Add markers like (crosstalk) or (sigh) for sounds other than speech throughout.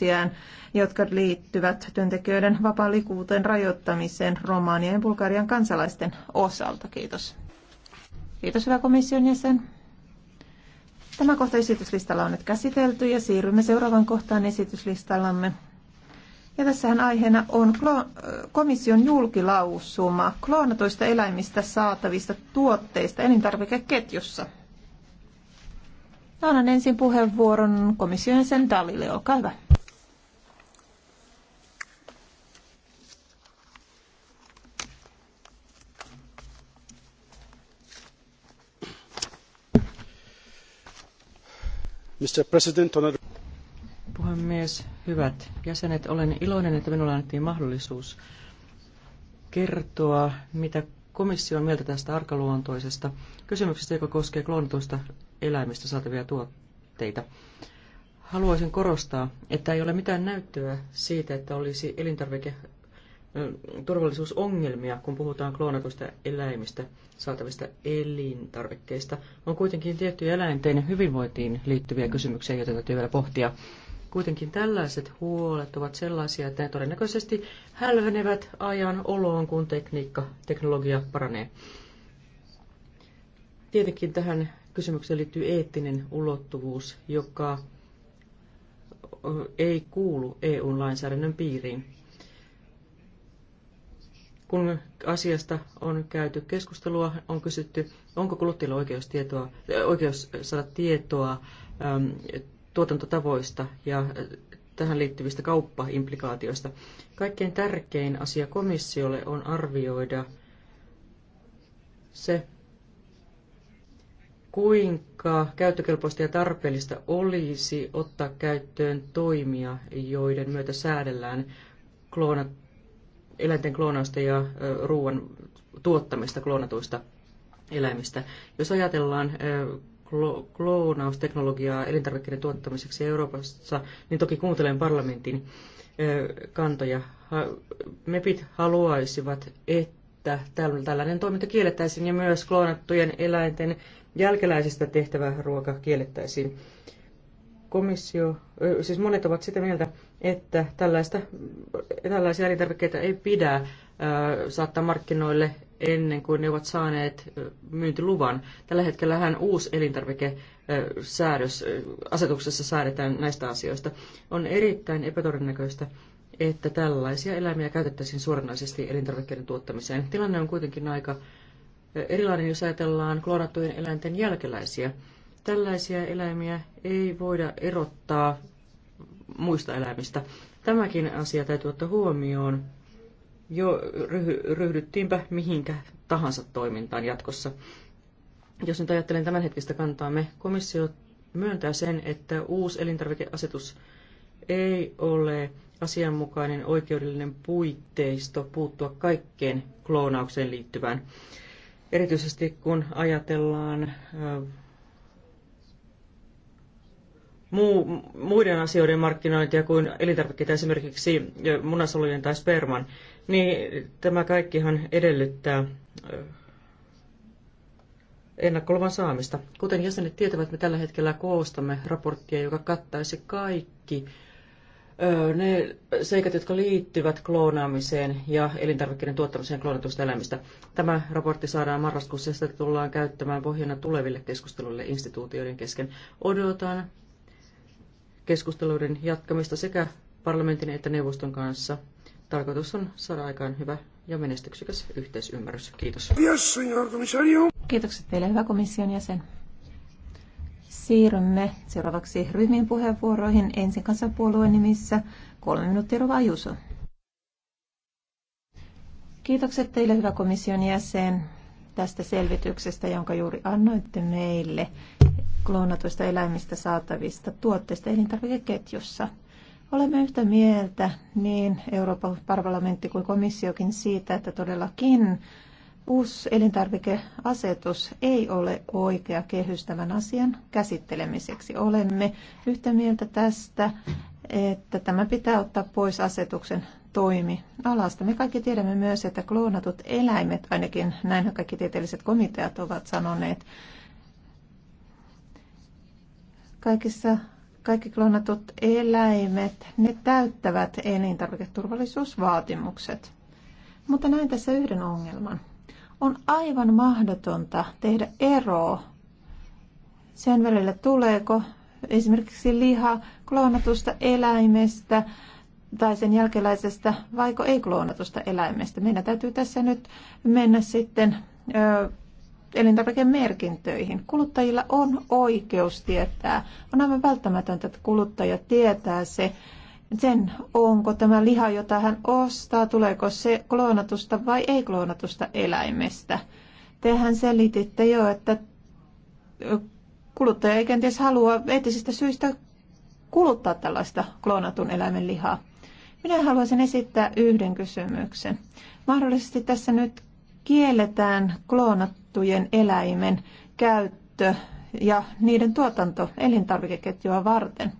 kysymyksiään, jotka liittyvät työntekijöiden vapaan liikkuvuuteen rajoittamiseen Romaanian ja Bulgarian kansalaisten osalta. Kiitos. Kiitos hyvä komission jäsen. Tämä kohta esityslistalla on nyt käsitelty ja siirrymme seuraavan kohtaan esityslistallamme. Ja tässähän aiheena on komission julkilausuma kloonatoista eläimistä saatavista tuotteista elintarvikeketjussa. Annan ensin puheenvuoron komission sen Dalille, olkaa hyvä. Puhemies, hyvät jäsenet, olen iloinen, että minulle annettiin mahdollisuus kertoa, mitä komissio on mieltä tästä arkaluontoisesta kysymyksestä, joka koskee kloonituista eläimistä saatavia tuotteita. Haluaisin korostaa, että ei ole mitään näyttöä siitä, että olisi elintarvike turvallisuusongelmia, kun puhutaan kloonatuista eläimistä saatavista elintarvikkeista. On kuitenkin tiettyjä eläinten hyvinvointiin liittyviä kysymyksiä, joita täytyy vielä pohtia. Kuitenkin tällaiset huolet ovat sellaisia, että ne todennäköisesti hälvenevät ajan oloon, kun tekniikka, teknologia paranee. Tietenkin tähän kysymykseen liittyy eettinen ulottuvuus, joka ei kuulu EU-lainsäädännön piiriin kun asiasta on käyty keskustelua, on kysytty, onko kuluttajilla oikeus, tietoa, oikeus saada tietoa äm, tuotantotavoista ja äh, tähän liittyvistä kauppaimplikaatioista. Kaikkein tärkein asia komissiolle on arvioida se, kuinka käyttökelpoista ja tarpeellista olisi ottaa käyttöön toimia, joiden myötä säädellään kloonat eläinten kloonausta ja ruoan tuottamista kloonatuista eläimistä. Jos ajatellaan kloonausteknologiaa elintarvikkeiden tuottamiseksi Euroopassa, niin toki kuuntelen parlamentin kantoja. MEPit haluaisivat, että tällainen toiminta kiellettäisiin ja myös kloonattujen eläinten jälkeläisistä tehtävä ruoka kiellettäisiin. Komissio, siis monet ovat sitä mieltä, että tällaista, tällaisia elintarvikkeita ei pidä saattaa markkinoille ennen kuin ne ovat saaneet myyntiluvan. Tällä hetkellä hän uusi elintarvikesäädös, asetuksessa säädetään näistä asioista. On erittäin epätodennäköistä, että tällaisia eläimiä käytettäisiin suoranaisesti elintarvikkeiden tuottamiseen. Tilanne on kuitenkin aika erilainen, jos ajatellaan kloonattujen eläinten jälkeläisiä. Tällaisia eläimiä ei voida erottaa muista eläimistä. Tämäkin asia täytyy ottaa huomioon. Jo ryhdyttiinpä mihinkä tahansa toimintaan jatkossa. Jos nyt ajattelen tämän hetkistä kantaa, me komissio myöntää sen, että uusi elintarvikeasetus ei ole asianmukainen oikeudellinen puitteisto puuttua kaikkeen kloonaukseen liittyvään. Erityisesti kun ajatellaan muu, muiden asioiden markkinointia kuin elintarvikkeita, esimerkiksi munasolujen tai sperman, niin tämä kaikkihan edellyttää ennakkoluvan saamista. Kuten jäsenet tietävät, me tällä hetkellä koostamme raporttia, joka kattaisi kaikki ne seikat, jotka liittyvät kloonaamiseen ja elintarvikkeiden tuottamiseen kloonatusta elämistä. Tämä raportti saadaan marraskuussa ja sitä tullaan käyttämään pohjana tuleville keskusteluille instituutioiden kesken. Odotan keskusteluiden jatkamista sekä parlamentin että neuvoston kanssa. Tarkoitus on saada aikaan hyvä ja menestyksekäs yhteisymmärrys. Kiitos. Kiitokset teille, hyvä komission jäsen. Siirrymme seuraavaksi ryhmien puheenvuoroihin. Ensin kansanpuolueen nimissä kolme minuuttia Rova Juso. Kiitokset teille, hyvä komission jäsen, tästä selvityksestä, jonka juuri annoitte meille kloonatuista eläimistä saatavista tuotteista elintarvikeketjussa. Olemme yhtä mieltä niin Euroopan parlamentti kuin komissiokin siitä, että todellakin uusi elintarvikeasetus ei ole oikea kehystävän asian käsittelemiseksi. Olemme yhtä mieltä tästä, että tämä pitää ottaa pois asetuksen toimialasta. Me kaikki tiedämme myös, että kloonatut eläimet, ainakin näin kaikki tieteelliset komiteat ovat sanoneet, Kaikissa kaikki kloonatut eläimet, ne täyttävät elintarviketurvallisuusvaatimukset. Mutta näin tässä yhden ongelman. On aivan mahdotonta tehdä ero sen välillä, tuleeko esimerkiksi liha kloonatusta eläimestä tai sen jälkeläisestä vaiko ei kloonatusta eläimestä. Meidän täytyy tässä nyt mennä sitten elintarvikemerkintöihin. Kuluttajilla on oikeus tietää. On aivan välttämätöntä, että kuluttaja tietää se, sen, onko tämä liha, jota hän ostaa, tuleeko se kloonatusta vai ei kloonatusta eläimestä. Tehän selititte jo, että kuluttaja ei kenties halua eettisistä syistä kuluttaa tällaista kloonatun eläimen lihaa. Minä haluaisin esittää yhden kysymyksen. Mahdollisesti tässä nyt kielletään kloonat tuotettujen eläimen käyttö ja niiden tuotanto elintarvikeketjua varten.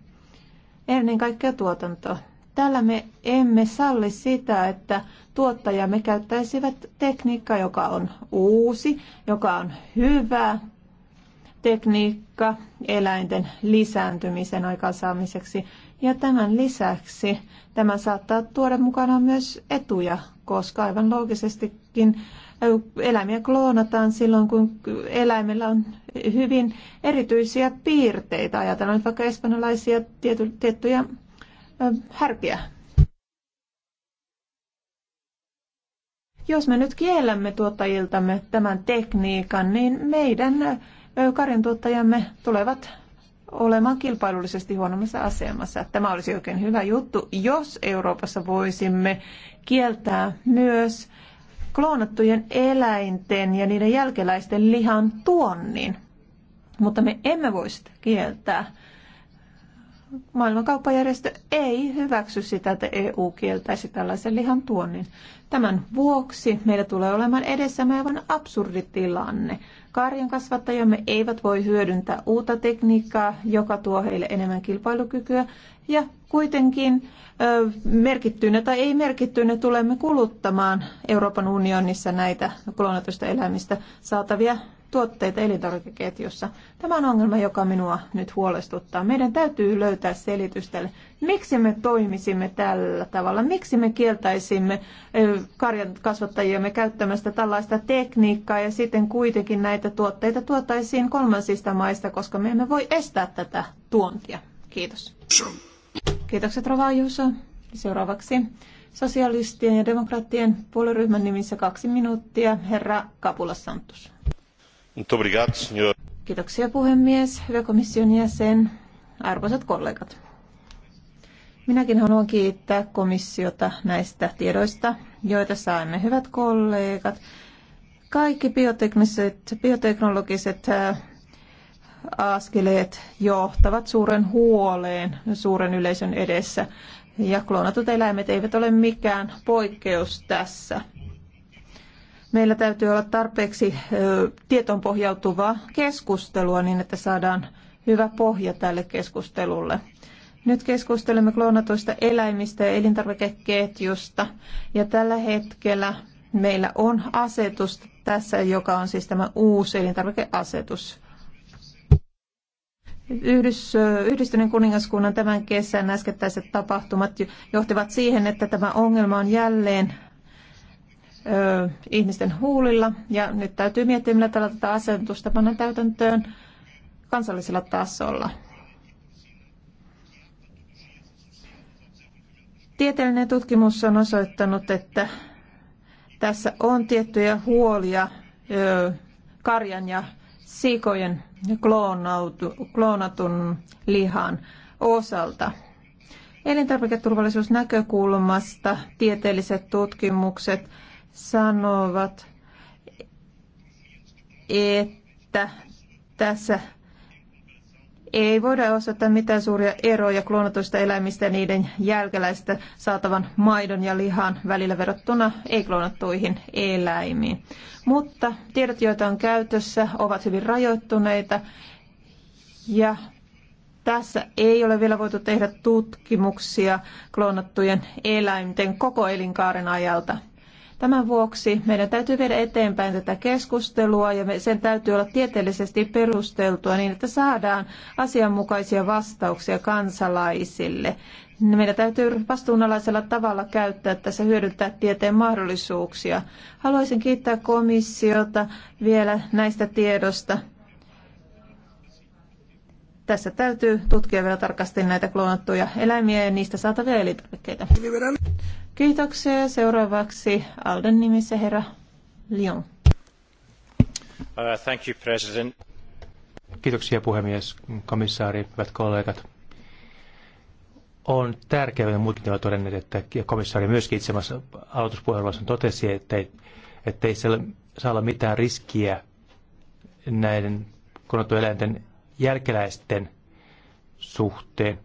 Ennen kaikkea tuotanto. Tällä me emme salli sitä, että tuottajamme käyttäisivät tekniikkaa, joka on uusi, joka on hyvä tekniikka eläinten lisääntymisen aikaansaamiseksi. Ja tämän lisäksi tämä saattaa tuoda mukanaan myös etuja, koska aivan loogisesti kuitenkin eläimiä kloonataan silloin, kun eläimellä on hyvin erityisiä piirteitä. Ajatellaan nyt vaikka espanjalaisia tiety, tiettyjä härkiä. Jos me nyt kiellämme tuottajiltamme tämän tekniikan, niin meidän karjantuottajamme tulevat olemaan kilpailullisesti huonommassa asemassa. Tämä olisi oikein hyvä juttu, jos Euroopassa voisimme kieltää myös kloonattujen eläinten ja niiden jälkeläisten lihan tuonnin. Mutta me emme voi sitä kieltää. Maailmankauppajärjestö ei hyväksy sitä, että EU kieltäisi tällaisen lihan tuonnin. Tämän vuoksi meillä tulee olemaan edessämme aivan absurdi tilanne. Karjan kasvattajamme eivät voi hyödyntää uutta tekniikkaa, joka tuo heille enemmän kilpailukykyä, ja kuitenkin merkittyinä tai ei merkittyinä tulemme kuluttamaan Euroopan unionissa näitä kloonatusta eläimistä saatavia tuotteita elintarvikeketjussa. Tämä on ongelma, joka minua nyt huolestuttaa. Meidän täytyy löytää selitys tälle. Miksi me toimisimme tällä tavalla? Miksi me kieltäisimme karjan kasvattajiamme käyttämästä tällaista tekniikkaa ja sitten kuitenkin näitä tuotteita tuotaisiin kolmansista maista, koska me emme voi estää tätä tuontia? Kiitos. Kiitokset Rova Juuso. Seuraavaksi sosialistien ja demokraattien puolueryhmän nimissä kaksi minuuttia. Herra Kapula Santos. Kiitoksia puhemies, hyvä komission jäsen, arvoisat kollegat. Minäkin haluan kiittää komissiota näistä tiedoista, joita saimme, hyvät kollegat. Kaikki biotekniset, bioteknologiset äh, askeleet johtavat suuren huoleen suuren yleisön edessä. Ja kloonatut eläimet eivät ole mikään poikkeus tässä. Meillä täytyy olla tarpeeksi tietoon pohjautuvaa keskustelua niin, että saadaan hyvä pohja tälle keskustelulle. Nyt keskustelemme kloonatuista eläimistä ja elintarvikeketjusta. Ja tällä hetkellä meillä on asetus tässä, joka on siis tämä uusi elintarvikeasetus Yhdys, yhdistyneen kuningaskunnan tämän kesän äskettäiset tapahtumat johtivat siihen, että tämä ongelma on jälleen ö, ihmisten huulilla. Ja nyt täytyy miettiä, millä tavalla tätä asetusta pannaan täytäntöön kansallisella tasolla. Tieteellinen tutkimus on osoittanut, että tässä on tiettyjä huolia karjan ja siikojen kloonautu, kloonatun lihan osalta. Elintarviketurvallisuusnäkökulmasta tieteelliset tutkimukset sanovat, että tässä ei voida osoittaa mitään suuria eroja kloonatuista eläimistä ja niiden jälkeläistä saatavan maidon ja lihan välillä verrattuna ei-kloonattuihin eläimiin. Mutta tiedot, joita on käytössä, ovat hyvin rajoittuneita ja tässä ei ole vielä voitu tehdä tutkimuksia kloonattujen eläinten koko elinkaaren ajalta. Tämän vuoksi meidän täytyy viedä eteenpäin tätä keskustelua ja sen täytyy olla tieteellisesti perusteltua niin, että saadaan asianmukaisia vastauksia kansalaisille. Meidän täytyy vastuunalaisella tavalla käyttää tässä hyödyntää tieteen mahdollisuuksia. Haluaisin kiittää komissiota vielä näistä tiedosta. Tässä täytyy tutkia vielä tarkasti näitä kloonattuja eläimiä ja niistä saatavia elintarvikkeita. Kiitoksia. Seuraavaksi Alden nimissä herra Lyon. Uh, thank you, President. Kiitoksia puhemies, komissaari, hyvät kollegat. On tärkeää, että muutkin ovat todenneet, että komissaari myöskin itse asiassa aloituspuheenvuorossa totesi, että ei, että ei saa olla mitään riskiä näiden eläinten jälkeläisten suhteen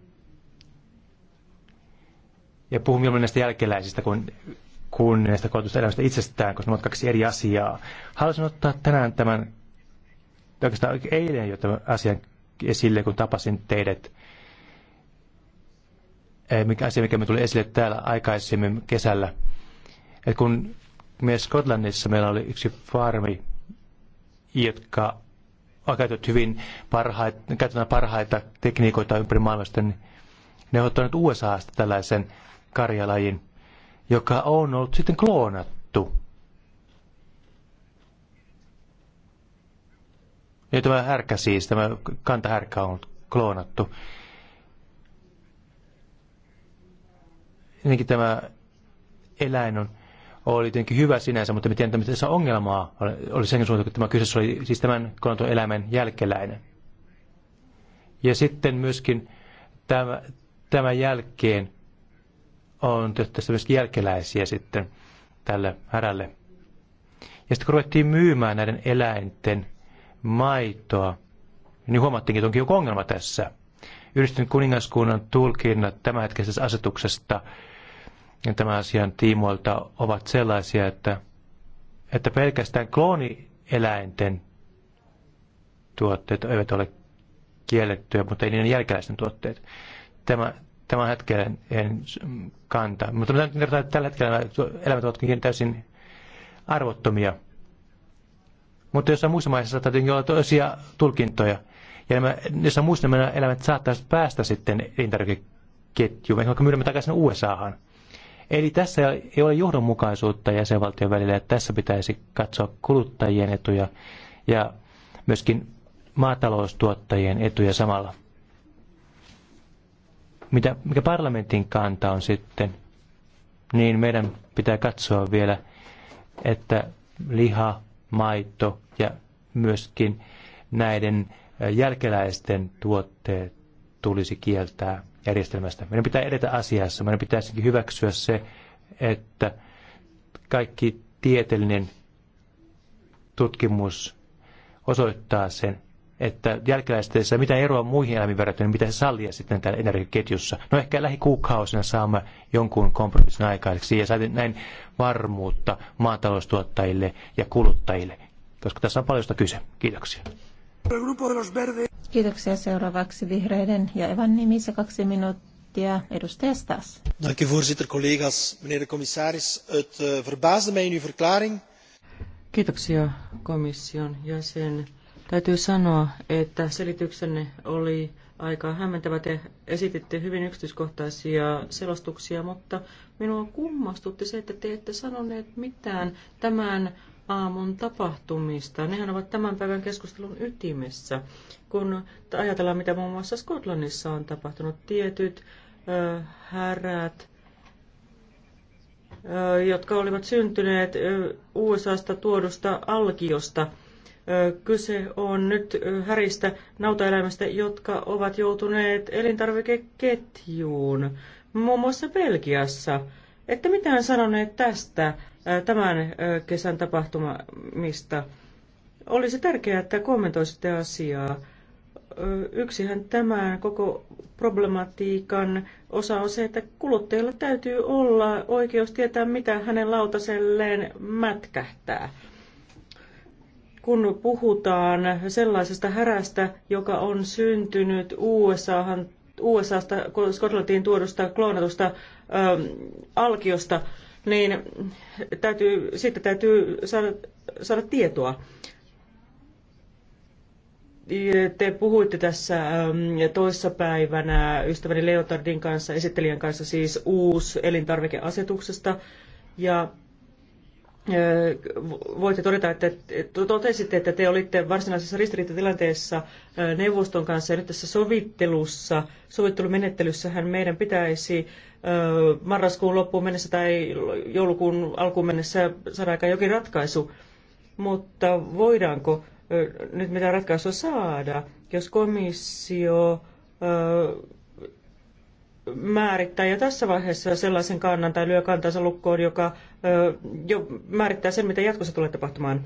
ja puhun mieluummin näistä jälkeläisistä kuin, kuin näistä koetusta elämästä itsestään, koska ne ovat kaksi eri asiaa. Haluaisin ottaa tänään tämän, oikeastaan eilen jo tämän asian esille, kun tapasin teidät. Mikä asia, mikä me tuli esille täällä aikaisemmin kesällä. Et kun me Skotlannissa meillä oli yksi farmi, jotka on käytetty hyvin parhaita, parhaita tekniikoita ympäri maailmasta, niin ne ovat ottaneet USAsta tällaisen karjalajin, joka on ollut sitten kloonattu. Ja tämä härkä siis, tämä kantahärkä on ollut kloonattu. Jotenkin tämä eläin on, oli tietenkin hyvä sinänsä, mutta me tiedämme, että tässä ongelmaa oli sen suuntaan, että tämä kyseessä oli siis tämän kloonatun eläimen jälkeläinen. Ja sitten myöskin tämä, tämän jälkeen on tehtävissä myös jälkeläisiä sitten tälle härälle. Ja sitten kun ruvettiin myymään näiden eläinten maitoa, niin huomattiinkin, että onkin joku ongelma tässä. Yhdistyn kuningaskunnan tulkinnat tämänhetkisestä asetuksesta ja tämän asian tiimoilta ovat sellaisia, että, että pelkästään kloonieläinten tuotteet eivät ole kiellettyjä, mutta ei niiden jälkeläisten tuotteet. Tämä tämän hetkellä en mm, kantaa. Mutta mä kertaan, että tällä hetkellä elämät ovat täysin arvottomia. Mutta jossain muissa maissa saattaa tietenkin olla toisia tulkintoja. Ja nämä, jossain muissa nämä elämät saattaisi päästä sitten elintarvikeketjuun, vaikka myydämme takaisin USAhan. Eli tässä ei ole johdonmukaisuutta jäsenvaltion välillä, että tässä pitäisi katsoa kuluttajien etuja ja myöskin maataloustuottajien etuja samalla mitä, mikä parlamentin kanta on sitten, niin meidän pitää katsoa vielä, että liha, maito ja myöskin näiden jälkeläisten tuotteet tulisi kieltää järjestelmästä. Meidän pitää edetä asiassa. Meidän pitäisikin hyväksyä se, että kaikki tieteellinen tutkimus osoittaa sen, että jälkeläisteissä mitä eroa muihin eläimiin verrattuna, niin mitä se sallia sitten täällä energiaketjussa. No ehkä lähikuukausina saamme jonkun kompromissin aikaiseksi ja saatiin näin varmuutta maataloustuottajille ja kuluttajille, koska tässä on paljon sitä kyse. Kiitoksia. Kiitoksia seuraavaksi vihreiden ja Evan nimissä kaksi minuuttia. Dank u voorzitter, collega's, meneer de commissaris. Het eh, verbaasde mij in uw verklaring. Kiitoksia komission jäsen Täytyy sanoa, että selityksenne oli aika hämmentävä. Te esititte hyvin yksityiskohtaisia selostuksia, mutta minua kummastutti se, että te ette sanoneet mitään tämän aamun tapahtumista. Nehän ovat tämän päivän keskustelun ytimessä, kun ajatellaan, mitä muun muassa Skotlannissa on tapahtunut. Tietyt ö, härät, ö, jotka olivat syntyneet ö, USAsta tuodusta alkiosta – Kyse on nyt häristä nautaeläimistä, jotka ovat joutuneet elintarvikeketjuun, muun muassa Belgiassa. Että mitään sanoneet tästä tämän kesän tapahtumista. Olisi tärkeää, että kommentoisitte asiaa. Yksihän tämän koko problematiikan osa on se, että kuluttajalla täytyy olla oikeus tietää, mitä hänen lautaselleen mätkähtää kun puhutaan sellaisesta härästä, joka on syntynyt USAhan, USAsta Skotlantiin tuodusta kloonatusta ö, ähm, alkiosta, niin täytyy, siitä täytyy saada, saada tietoa. Te puhuitte tässä ähm, toissapäivänä ystäväni Leotardin kanssa, esittelijän kanssa siis uus elintarvikeasetuksesta. Ja voitte todeta, että totesitte, että te olitte varsinaisessa ristiriitatilanteessa neuvoston kanssa ja nyt tässä sovittelussa, sovittelumenettelyssähän meidän pitäisi marraskuun loppuun mennessä tai joulukuun alkuun mennessä saada aika jokin ratkaisu. Mutta voidaanko nyt mitään ratkaisua saada, jos komissio määrittää jo tässä vaiheessa sellaisen kannan tai lyö kantansa lukkoon, joka jo määrittää sen, mitä jatkossa tulee tapahtumaan.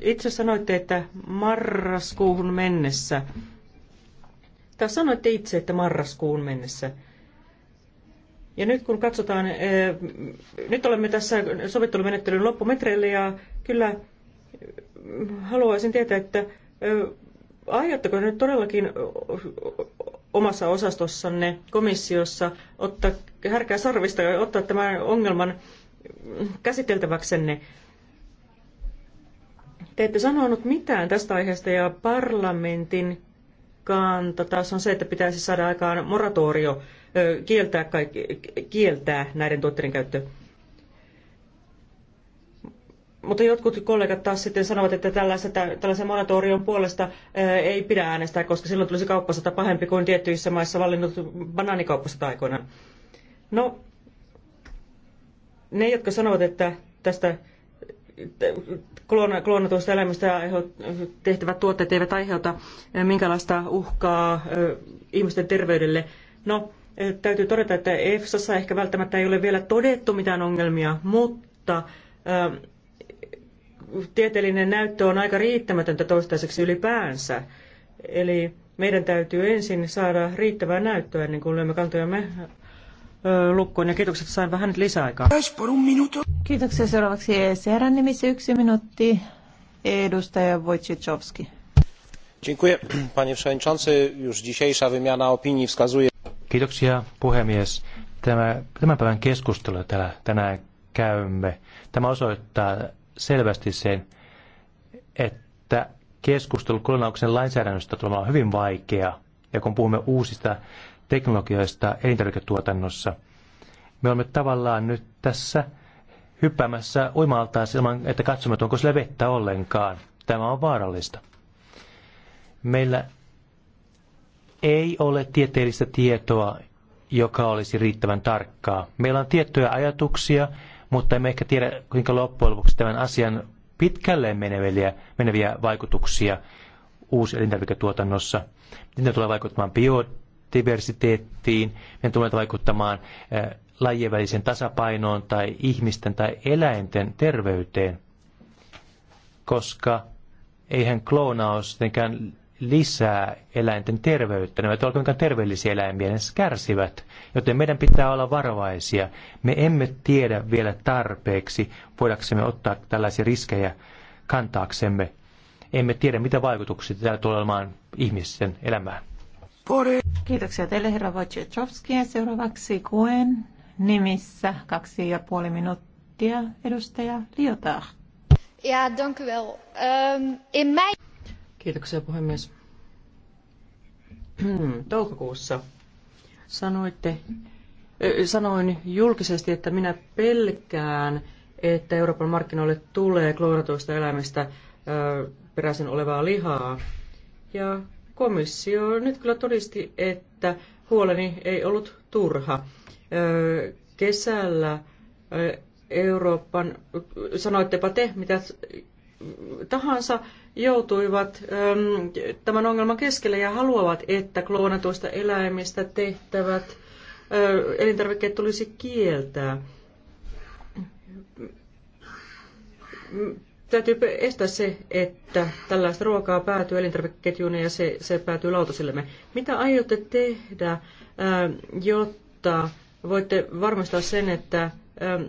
Itse sanoitte, että marraskuuhun mennessä. Tai sanoitte itse, että marraskuun mennessä. Ja nyt kun katsotaan, nyt olemme tässä sovittelumenettelyn loppumetreillä ja kyllä haluaisin tietää, että aiotteko nyt todellakin omassa osastossanne komissiossa ottaa härkää sarvista ja ottaa tämän ongelman mm, käsiteltäväksenne. Te ette sanonut mitään tästä aiheesta ja parlamentin kanta taas on se, että pitäisi saada aikaan moratorio, kieltää, kaikki, kieltää näiden tuotteiden käyttö mutta jotkut kollegat taas sitten sanovat, että tällaisen moratorion puolesta ei pidä äänestää, koska silloin tulisi kauppasota pahempi kuin tietyissä maissa vallinnut banaanikauppasota aikoinaan. No, ne, jotka sanovat, että tästä kloonatuista eläimistä tehtävät tuotteet eivät aiheuta minkälaista uhkaa ihmisten terveydelle. No, täytyy todeta, että EFSassa ehkä välttämättä ei ole vielä todettu mitään ongelmia, mutta tieteellinen näyttö on aika riittämätöntä toistaiseksi ylipäänsä. Eli meidän täytyy ensin saada riittävää näyttöä ennen kuin lyömme kantojamme lukkoon. Ja kiitokset, sain vähän nyt lisäaikaa. Kiitoksia. Seuraavaksi ECRn nimissä yksi minuutti. Edustaja Wojciechowski. Dziękuję, panie przewodniczący. Już dzisiejsza wymiana opinii wskazuje... Kiitoksia, puhemies. Tämä, tämän päivän keskustelu täällä tänään käymme. Tämä osoittaa, selvästi sen, että keskustelu klonauksen lainsäädännöstä tulee olemaan hyvin vaikea. Ja kun puhumme uusista teknologioista elintarviketuotannossa, me olemme tavallaan nyt tässä hyppäämässä uimaltaan ilman, että katsomme, että onko sillä vettä ollenkaan. Tämä on vaarallista. Meillä ei ole tieteellistä tietoa, joka olisi riittävän tarkkaa. Meillä on tiettyjä ajatuksia, mutta emme ehkä tiedä, kuinka loppujen lopuksi tämän asian pitkälle meneviä, meneviä vaikutuksia uusi elintarviketuotannossa. Miten ne tulee vaikuttamaan biodiversiteettiin, miten tulee vaikuttamaan eh, lajien väliseen tasapainoon tai ihmisten tai eläinten terveyteen, koska eihän kloonaus tietenkään lisää eläinten terveyttä. Ne eivät ole kuinka terveellisiä eläimiä, ne kärsivät. Joten meidän pitää olla varovaisia. Me emme tiedä vielä tarpeeksi, voidaksemme ottaa tällaisia riskejä kantaaksemme. Emme tiedä, mitä vaikutuksia täällä tulee olemaan ihmisten elämään. Kiitoksia teille, herra Wojciechowski. Ja seuraavaksi Kuen nimissä kaksi ja puoli minuuttia, edustaja Liotar. Ja, dank u wel. Um, in mijn... Kiitoksia puhemies. (clears throat) Toukokuussa sanoitte, sanoin julkisesti, että minä pelkään, että Euroopan markkinoille tulee kloonatuista eläimistä peräisin olevaa lihaa. Ja komissio nyt kyllä todisti, että huoleni ei ollut turha. Kesällä Euroopan, sanoittepa te mitä tahansa, joutuivat ähm, tämän ongelman keskelle ja haluavat, että kloonatuista eläimistä tehtävät äh, elintarvikkeet tulisi kieltää. Täytyy estää se, että tällaista ruokaa päätyy elintarvikeketjuun ja se, se päätyy lautasillemme. Mitä aiotte tehdä, äh, jotta voitte varmistaa sen, että ähm,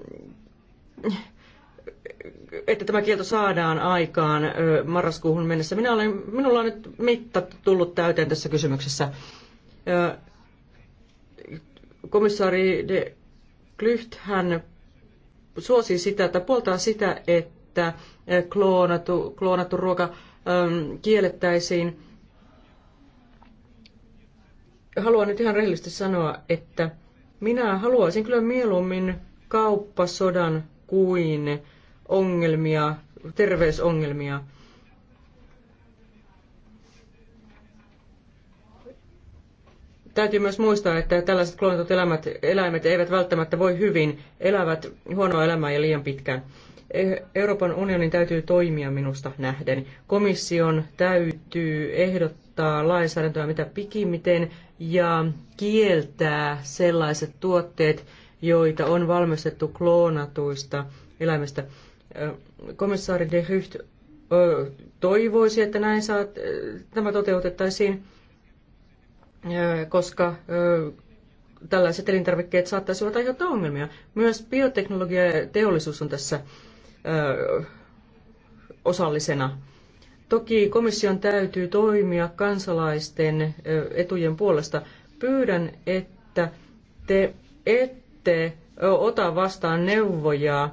että tämä kielto saadaan aikaan marraskuuhun mennessä. Minä olen, minulla on nyt mitta tullut täyteen tässä kysymyksessä. Komissaari de Klyht, hän suosi sitä, että puoltaa sitä, että kloonattu, kloonattu ruoka kiellettäisiin. Haluan nyt ihan rehellisesti sanoa, että minä haluaisin kyllä mieluummin kauppasodan kuin ongelmia, terveysongelmia. Täytyy myös muistaa, että tällaiset kloonatut eläimet, eläimet eivät välttämättä voi hyvin, elävät huonoa elämää ja liian pitkään. E, Euroopan unionin täytyy toimia minusta nähden. Komission täytyy ehdottaa lainsäädäntöä mitä pikimmiten ja kieltää sellaiset tuotteet, joita on valmistettu kloonatuista eläimistä komissaari de Hycht toivoisi, että näin saa, tämä toteutettaisiin, koska tällaiset elintarvikkeet saattaisivat aiheuttaa ongelmia. Myös bioteknologia ja teollisuus on tässä osallisena. Toki komission täytyy toimia kansalaisten etujen puolesta. Pyydän, että te ette ota vastaan neuvoja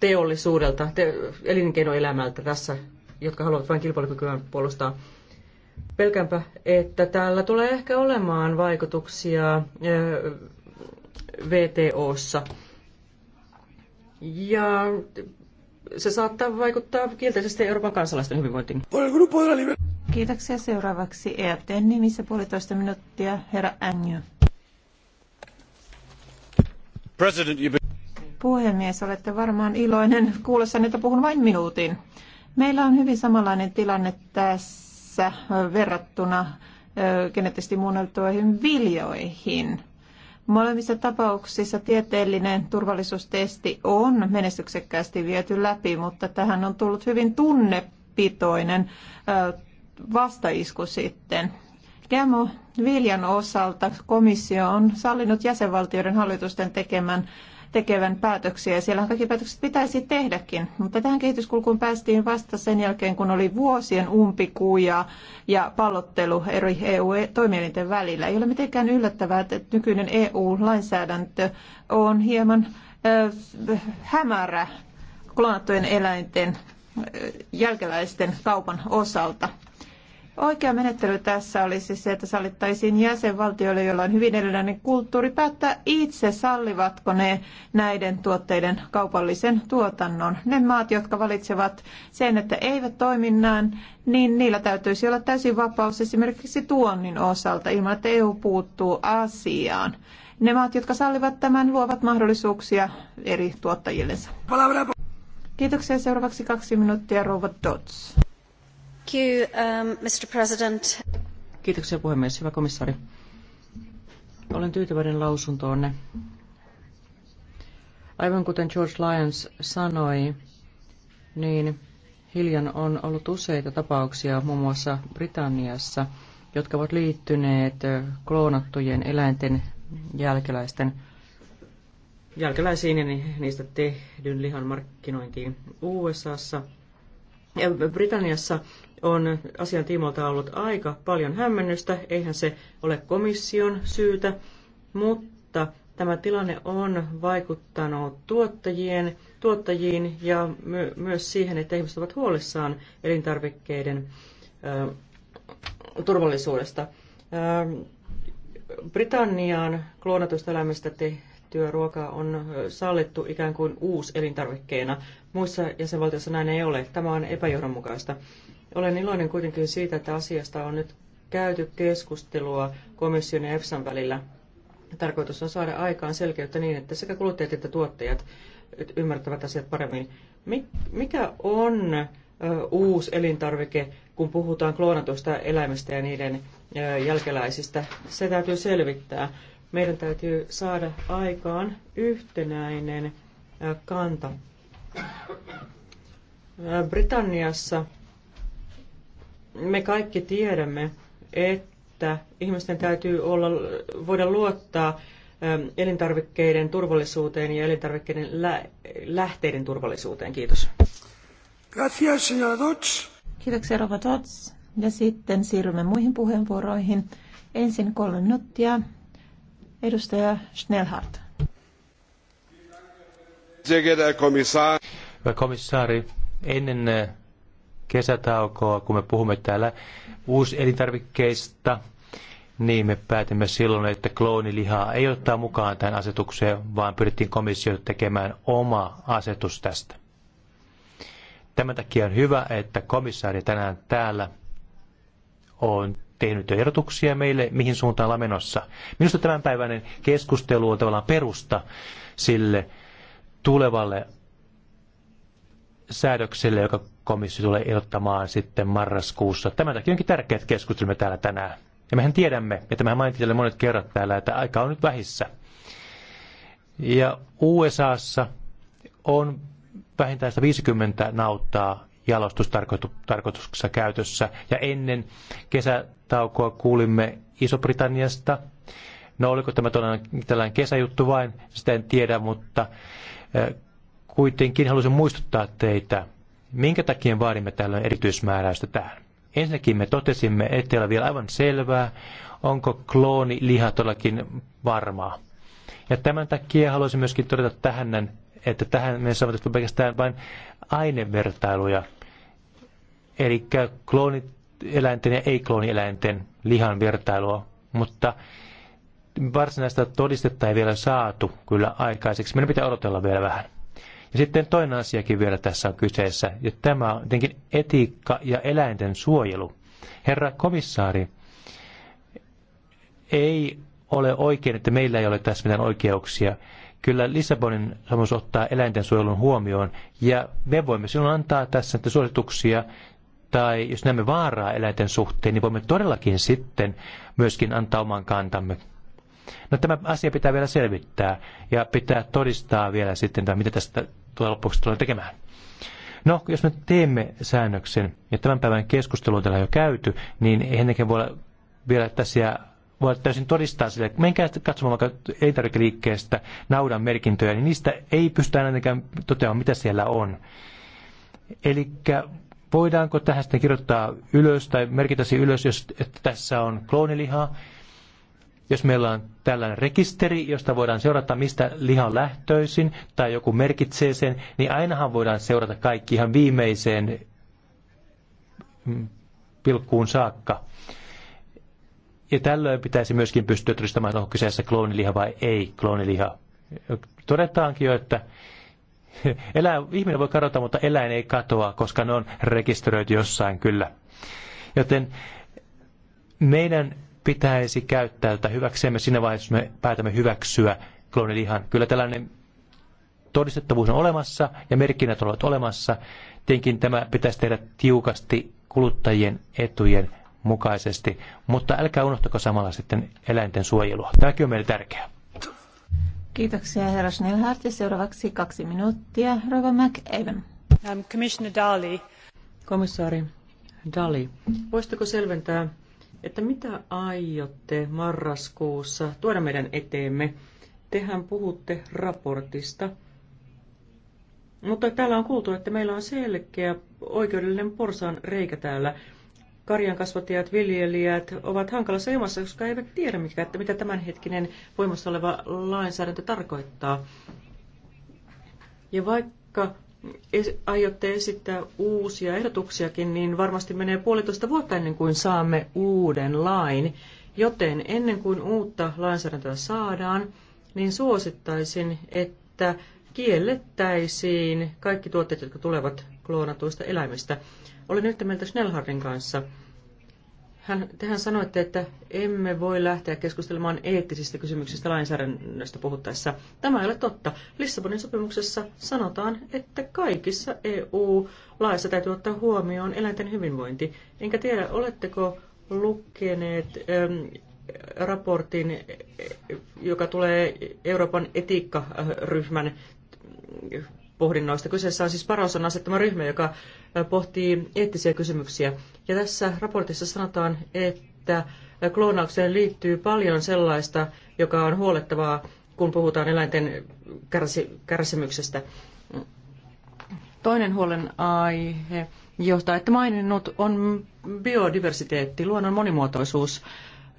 teollisuudelta, te, elinkeinoelämältä tässä, jotka haluavat vain kilpailukykyään puolustaa. Pelkäänpä, että täällä tulee ehkä olemaan vaikutuksia VTOssa. Ja se saattaa vaikuttaa kielteisesti Euroopan kansalaisten hyvinvointiin. Kiitoksia seuraavaksi EFTn nimissä puolitoista minuuttia, herra Ängö. President, you've been... Puhemies, olette varmaan iloinen kuullessanne, että puhun vain minuutin. Meillä on hyvin samanlainen tilanne tässä verrattuna geneettisesti muunneltuihin viljoihin. Molemmissa tapauksissa tieteellinen turvallisuustesti on menestyksekkäästi viety läpi, mutta tähän on tullut hyvin tunnepitoinen vastaisku sitten. GMO viljan osalta komissio on sallinut jäsenvaltioiden hallitusten tekemän tekevän päätöksiä ja siellä kaikki päätökset pitäisi tehdäkin. Mutta tähän kehityskulkuun päästiin vasta sen jälkeen, kun oli vuosien umpikuja ja pallottelu eri EU-toimielinten välillä. Ei ole mitenkään yllättävää, että nykyinen EU-lainsäädäntö on hieman äh, hämärä kloonattujen eläinten jälkeläisten kaupan osalta. Oikea menettely tässä olisi se, että sallittaisiin jäsenvaltioille, joilla on hyvin erilainen kulttuuri, päättää itse sallivatko ne näiden tuotteiden kaupallisen tuotannon. Ne maat, jotka valitsevat sen, että eivät toiminnaan, niin niillä täytyisi olla täysin vapaus esimerkiksi tuonnin osalta ilman, että EU puuttuu asiaan. Ne maat, jotka sallivat tämän, luovat mahdollisuuksia eri tuottajillensa. Kiitoksia. Seuraavaksi kaksi minuuttia, Rouva Dodds. Um, Kiitoksia puhemies. Hyvä komissaari. Olen tyytyväinen lausuntoonne. Aivan kuten George Lyons sanoi, niin hiljan on ollut useita tapauksia, muun muassa Britanniassa, jotka ovat liittyneet kloonattujen eläinten jälkeläisten jälkeläisiin ja niistä tehdyn lihan markkinointiin USAssa. Ja Britanniassa on asian tiimoilta ollut aika paljon hämmennystä. Eihän se ole komission syytä, mutta tämä tilanne on vaikuttanut tuottajien, tuottajiin ja my- myös siihen, että ihmiset ovat huolissaan elintarvikkeiden ö, turvallisuudesta. Ö, Britanniaan kloonatusta eläimistä tehtyä ruokaa on sallittu ikään kuin elintarvikkeena. Muissa jäsenvaltioissa näin ei ole. Tämä on epäjohdonmukaista. Olen iloinen kuitenkin siitä, että asiasta on nyt käyty keskustelua komission ja EFSAn välillä. Tarkoitus on saada aikaan selkeyttä niin, että sekä kuluttajat että tuottajat ymmärtävät asiat paremmin. Mikä on uusi elintarvike, kun puhutaan kloonatuista eläimistä ja niiden jälkeläisistä? Se täytyy selvittää. Meidän täytyy saada aikaan yhtenäinen kanta. Britanniassa me kaikki tiedämme, että ihmisten täytyy olla, voida luottaa ähm, elintarvikkeiden turvallisuuteen ja elintarvikkeiden lähteiden turvallisuuteen. Kiitos. Gracias, Kiitoksia, Rova Dots. Ja sitten siirrymme muihin puheenvuoroihin. Ensin kolme minuuttia. Edustaja Schnellhardt. Hyvä komissaari, ennen äh, kesätaukoa, kun me puhumme täällä uuselintarvikkeista, niin me päätimme silloin, että kloonilihaa ei ottaa mukaan tähän asetukseen, vaan pyrittiin komissiota tekemään oma asetus tästä. Tämän takia on hyvä, että komissaari tänään täällä on tehnyt jo ehdotuksia meille, mihin suuntaan ollaan menossa. Minusta tämänpäiväinen keskustelu on tavallaan perusta sille tulevalle säädökselle, joka komissio tulee ehdottamaan sitten marraskuussa. Tämän takia onkin tärkeää, että keskustelemme täällä tänään. Ja mehän tiedämme, ja tämä mainittiin monet kerrat täällä, että aika on nyt vähissä. Ja USAssa on vähintään 150 nauttaa jalostustarkoituksessa käytössä. Ja ennen kesätaukoa kuulimme Iso-Britanniasta. No oliko tämä tällainen kesäjuttu vain, sitä en tiedä, mutta eh, kuitenkin haluaisin muistuttaa teitä, minkä takia vaadimme tällöin erityismääräystä tähän. Ensinnäkin me totesimme, ettei ole vielä aivan selvää, onko klooni liha todellakin varmaa. Ja tämän takia haluaisin myöskin todeta tähän, että tähän me saamme pelkästään vain ainevertailuja. Eli kloonieläinten ja ei-kloonieläinten lihan vertailua, mutta varsinaista todistetta ei vielä saatu kyllä aikaiseksi. Meidän pitää odotella vielä vähän. Ja sitten toinen asiakin vielä tässä on kyseessä, ja tämä on jotenkin etiikka ja eläinten suojelu. Herra komissaari, ei ole oikein, että meillä ei ole tässä mitään oikeuksia. Kyllä Lissabonin sopimus ottaa eläinten suojelun huomioon, ja me voimme silloin antaa tässä näitä suosituksia, tai jos näemme vaaraa eläinten suhteen, niin voimme todellakin sitten myöskin antaa oman kantamme. No tämä asia pitää vielä selvittää ja pitää todistaa vielä sitten, mitä tästä tulee lopuksi tulee tekemään. No, jos me teemme säännöksen, ja tämän päivän keskustelu on täällä jo käyty, niin ennenkin voi vielä tässä voi täysin todistaa sille. Menkää katsomaan vaikka elintarvikeliikkeestä naudan merkintöjä, niin niistä ei pystytä ainakaan toteamaan, mitä siellä on. Eli voidaanko tähän sitten kirjoittaa ylös tai merkitä ylös, jos, että tässä on kloonilihaa, jos meillä on tällainen rekisteri, josta voidaan seurata, mistä liha on lähtöisin tai joku merkitsee sen, niin ainahan voidaan seurata kaikki ihan viimeiseen mm, pilkkuun saakka. Ja tällöin pitäisi myöskin pystyä todistamaan, onko kyseessä klooniliha vai ei klooniliha. Todetaankin jo, että (laughs) eläin, ihminen voi kadota, mutta eläin ei katoa, koska ne on rekisteröity jossain kyllä. Joten meidän pitäisi käyttää tätä hyväksemme siinä vaiheessa, me päätämme hyväksyä kloonilihan. Kyllä tällainen todistettavuus on olemassa ja merkinnät ovat olemassa. Tietenkin tämä pitäisi tehdä tiukasti kuluttajien etujen mukaisesti, mutta älkää unohtako samalla sitten eläinten suojelua. Tämäkin on meille tärkeää. Kiitoksia herra Schnellhardt ja seuraavaksi kaksi minuuttia Rova McEwen. Um, Commissioner Dali. Komissaari Dali, voisitteko selventää että mitä aiotte marraskuussa tuoda meidän eteemme? Tehän puhutte raportista, mutta täällä on kuultu, että meillä on selkeä oikeudellinen porsaan reikä täällä. Karjankasvattajat, viljelijät ovat hankalassa ilmassa, koska eivät tiedä, mikä, että mitä tämänhetkinen voimassa oleva lainsäädäntö tarkoittaa. Ja vaikka aiotte esittää uusia ehdotuksiakin, niin varmasti menee puolitoista vuotta ennen kuin saamme uuden lain. Joten ennen kuin uutta lainsäädäntöä saadaan, niin suosittaisin, että kiellettäisiin kaikki tuotteet, jotka tulevat kloonatuista eläimistä. Olen yhtä mieltä Schnellhardin kanssa. Hän, tehän sanoitte, että emme voi lähteä keskustelemaan eettisistä kysymyksistä lainsäädännöstä puhuttaessa. Tämä ei ole totta. Lissabonin sopimuksessa sanotaan, että kaikissa EU-laissa täytyy ottaa huomioon eläinten hyvinvointi. Enkä tiedä, oletteko lukeneet ähm, raportin, joka tulee Euroopan etiikkaryhmän pohdinnoista. Kyseessä on siis Paroson asettama ryhmä, joka pohtii eettisiä kysymyksiä. Ja tässä raportissa sanotaan, että kloonaukseen liittyy paljon sellaista, joka on huolettavaa, kun puhutaan eläinten kärsi, kärsimyksestä. Toinen huolenaihe, johtaa, että maininnut, on biodiversiteetti, luonnon monimuotoisuus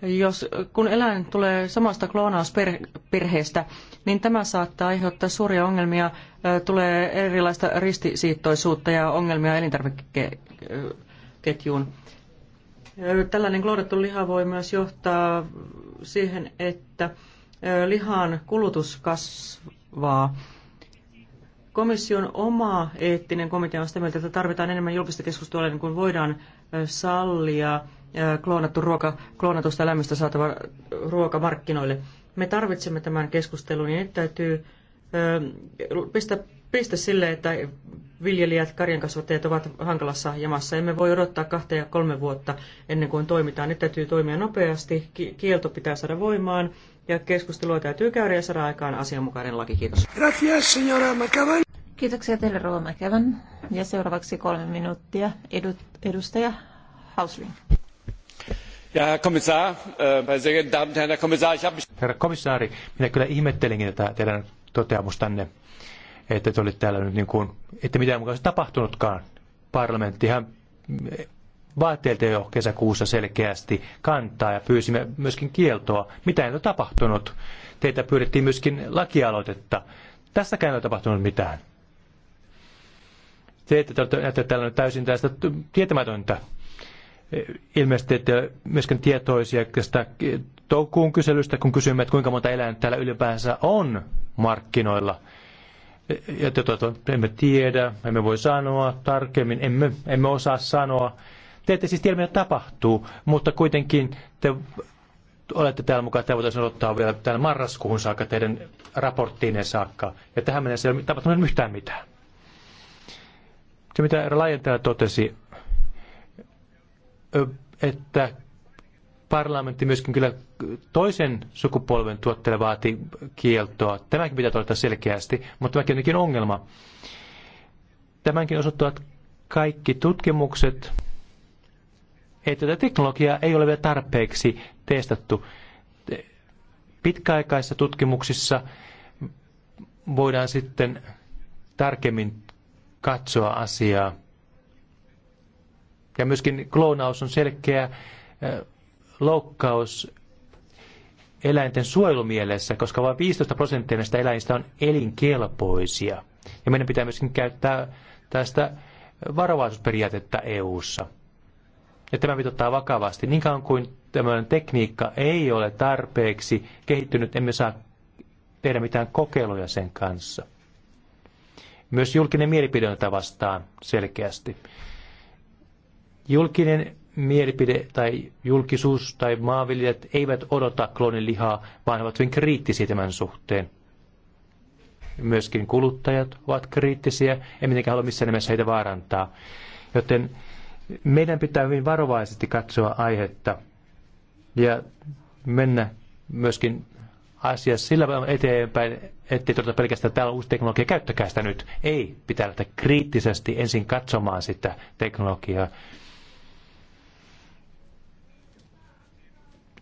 jos, kun eläin tulee samasta kloonausperheestä, niin tämä saattaa aiheuttaa suuria ongelmia. Tulee erilaista ristisiittoisuutta ja ongelmia elintarvikeketjuun. Tällainen kloodattu liha voi myös johtaa siihen, että lihan kulutus kasvaa. Komission oma eettinen komitea on sitä mieltä, että tarvitaan enemmän julkista keskustelua, niin kuin voidaan sallia kloonattu ruoka, kloonatusta elämästä saatava ruoka markkinoille. Me tarvitsemme tämän keskustelun ja nyt täytyy pistää pistä sille, että viljelijät, karjankasvattajat ovat hankalassa jamassa. Emme voi odottaa kahta ja kolme vuotta ennen kuin toimitaan. Nyt täytyy toimia nopeasti, kielto pitää saada voimaan ja keskustelua täytyy käydä ja saada aikaan asianmukainen laki. Kiitos. Gracias, señora McAvan. Kiitoksia teille, Rova McAvan. Ja seuraavaksi kolme minuuttia edustaja Hausling. Äh, Herra komissaari, minä kyllä ihmettelinkin tätä teidän toteamustanne, että te olitte täällä nyt niin kuin, että mitään mukaan olisi tapahtunutkaan. Parlamenttihan mm, teiltä jo kesäkuussa selkeästi kantaa ja pyysimme myöskin kieltoa. Mitä ei ole tapahtunut? Teitä pyydettiin myöskin lakialoitetta. Tässäkään ei ole tapahtunut mitään. Te ette ole täällä nyt täysin tästä tietämätöntä ilmeisesti ette myöskään tietoisia tästä toukkuun kyselystä, kun kysymme, että kuinka monta eläintä täällä ylipäänsä on markkinoilla. Ja että emme tiedä, emme voi sanoa tarkemmin, emme, emme osaa sanoa. Te ette siis tiedä, mitä tapahtuu, mutta kuitenkin te olette täällä mukaan, tämä voitaisiin odottaa vielä täällä marraskuun saakka teidän raporttiinne saakka. Ja tähän mennessä ei ole tapahtunut yhtään mitään. Se, mitä Laajentaja totesi, että parlamentti myöskin kyllä toisen sukupolven tuotteelle vaati kieltoa. Tämäkin pitää todeta selkeästi, mutta tämäkin on ongelma. Tämänkin osoittavat kaikki tutkimukset, että tätä teknologiaa ei ole vielä tarpeeksi testattu. Pitkäaikaisissa tutkimuksissa voidaan sitten tarkemmin katsoa asiaa. Ja myöskin kloonaus on selkeä eh, loukkaus eläinten suojelumielessä, koska vain 15 prosenttia näistä eläinistä on elinkelpoisia. Ja meidän pitää myöskin käyttää tästä varovaisuusperiaatetta EU-ssa. Ja tämä vituttaa vakavasti. Niin kauan kuin tämmöinen tekniikka ei ole tarpeeksi kehittynyt, emme saa tehdä mitään kokeiluja sen kanssa. Myös julkinen mielipide on tätä vastaan selkeästi. Julkinen mielipide tai julkisuus tai maanviljelijät eivät odota kloonin lihaa, vaan ovat hyvin kriittisiä tämän suhteen. Myöskin kuluttajat ovat kriittisiä, en mitenkään halua missään nimessä heitä vaarantaa. Joten meidän pitää hyvin varovaisesti katsoa aihetta ja mennä myöskin asia sillä tavalla eteenpäin, ettei todeta pelkästään, että täällä on uusi teknologia, käyttäkää sitä nyt. Ei, pitää lähteä kriittisesti ensin katsomaan sitä teknologiaa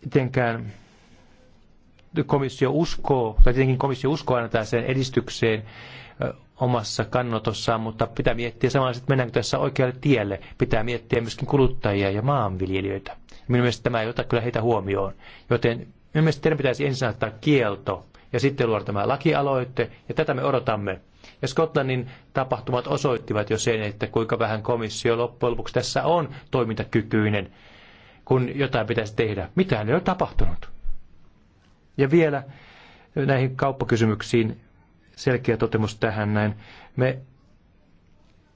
mitenkään komissio uskoo, tai tietenkin komissio uskoo aina tällaiseen edistykseen omassa kannatossaan, mutta pitää miettiä samalla, että mennäänkö tässä oikealle tielle. Pitää miettiä myöskin kuluttajia ja maanviljelijöitä. Minun mielestä tämä ei ota kyllä heitä huomioon. Joten minun mielestä teidän pitäisi ensin antaa kielto ja sitten luoda tämä lakialoite, ja tätä me odotamme. Ja Skotlannin tapahtumat osoittivat jo sen, että kuinka vähän komissio loppujen lopuksi tässä on toimintakykyinen kun jotain pitäisi tehdä. Mitään ei ole tapahtunut. Ja vielä näihin kauppakysymyksiin selkeä totemus tähän näin. Me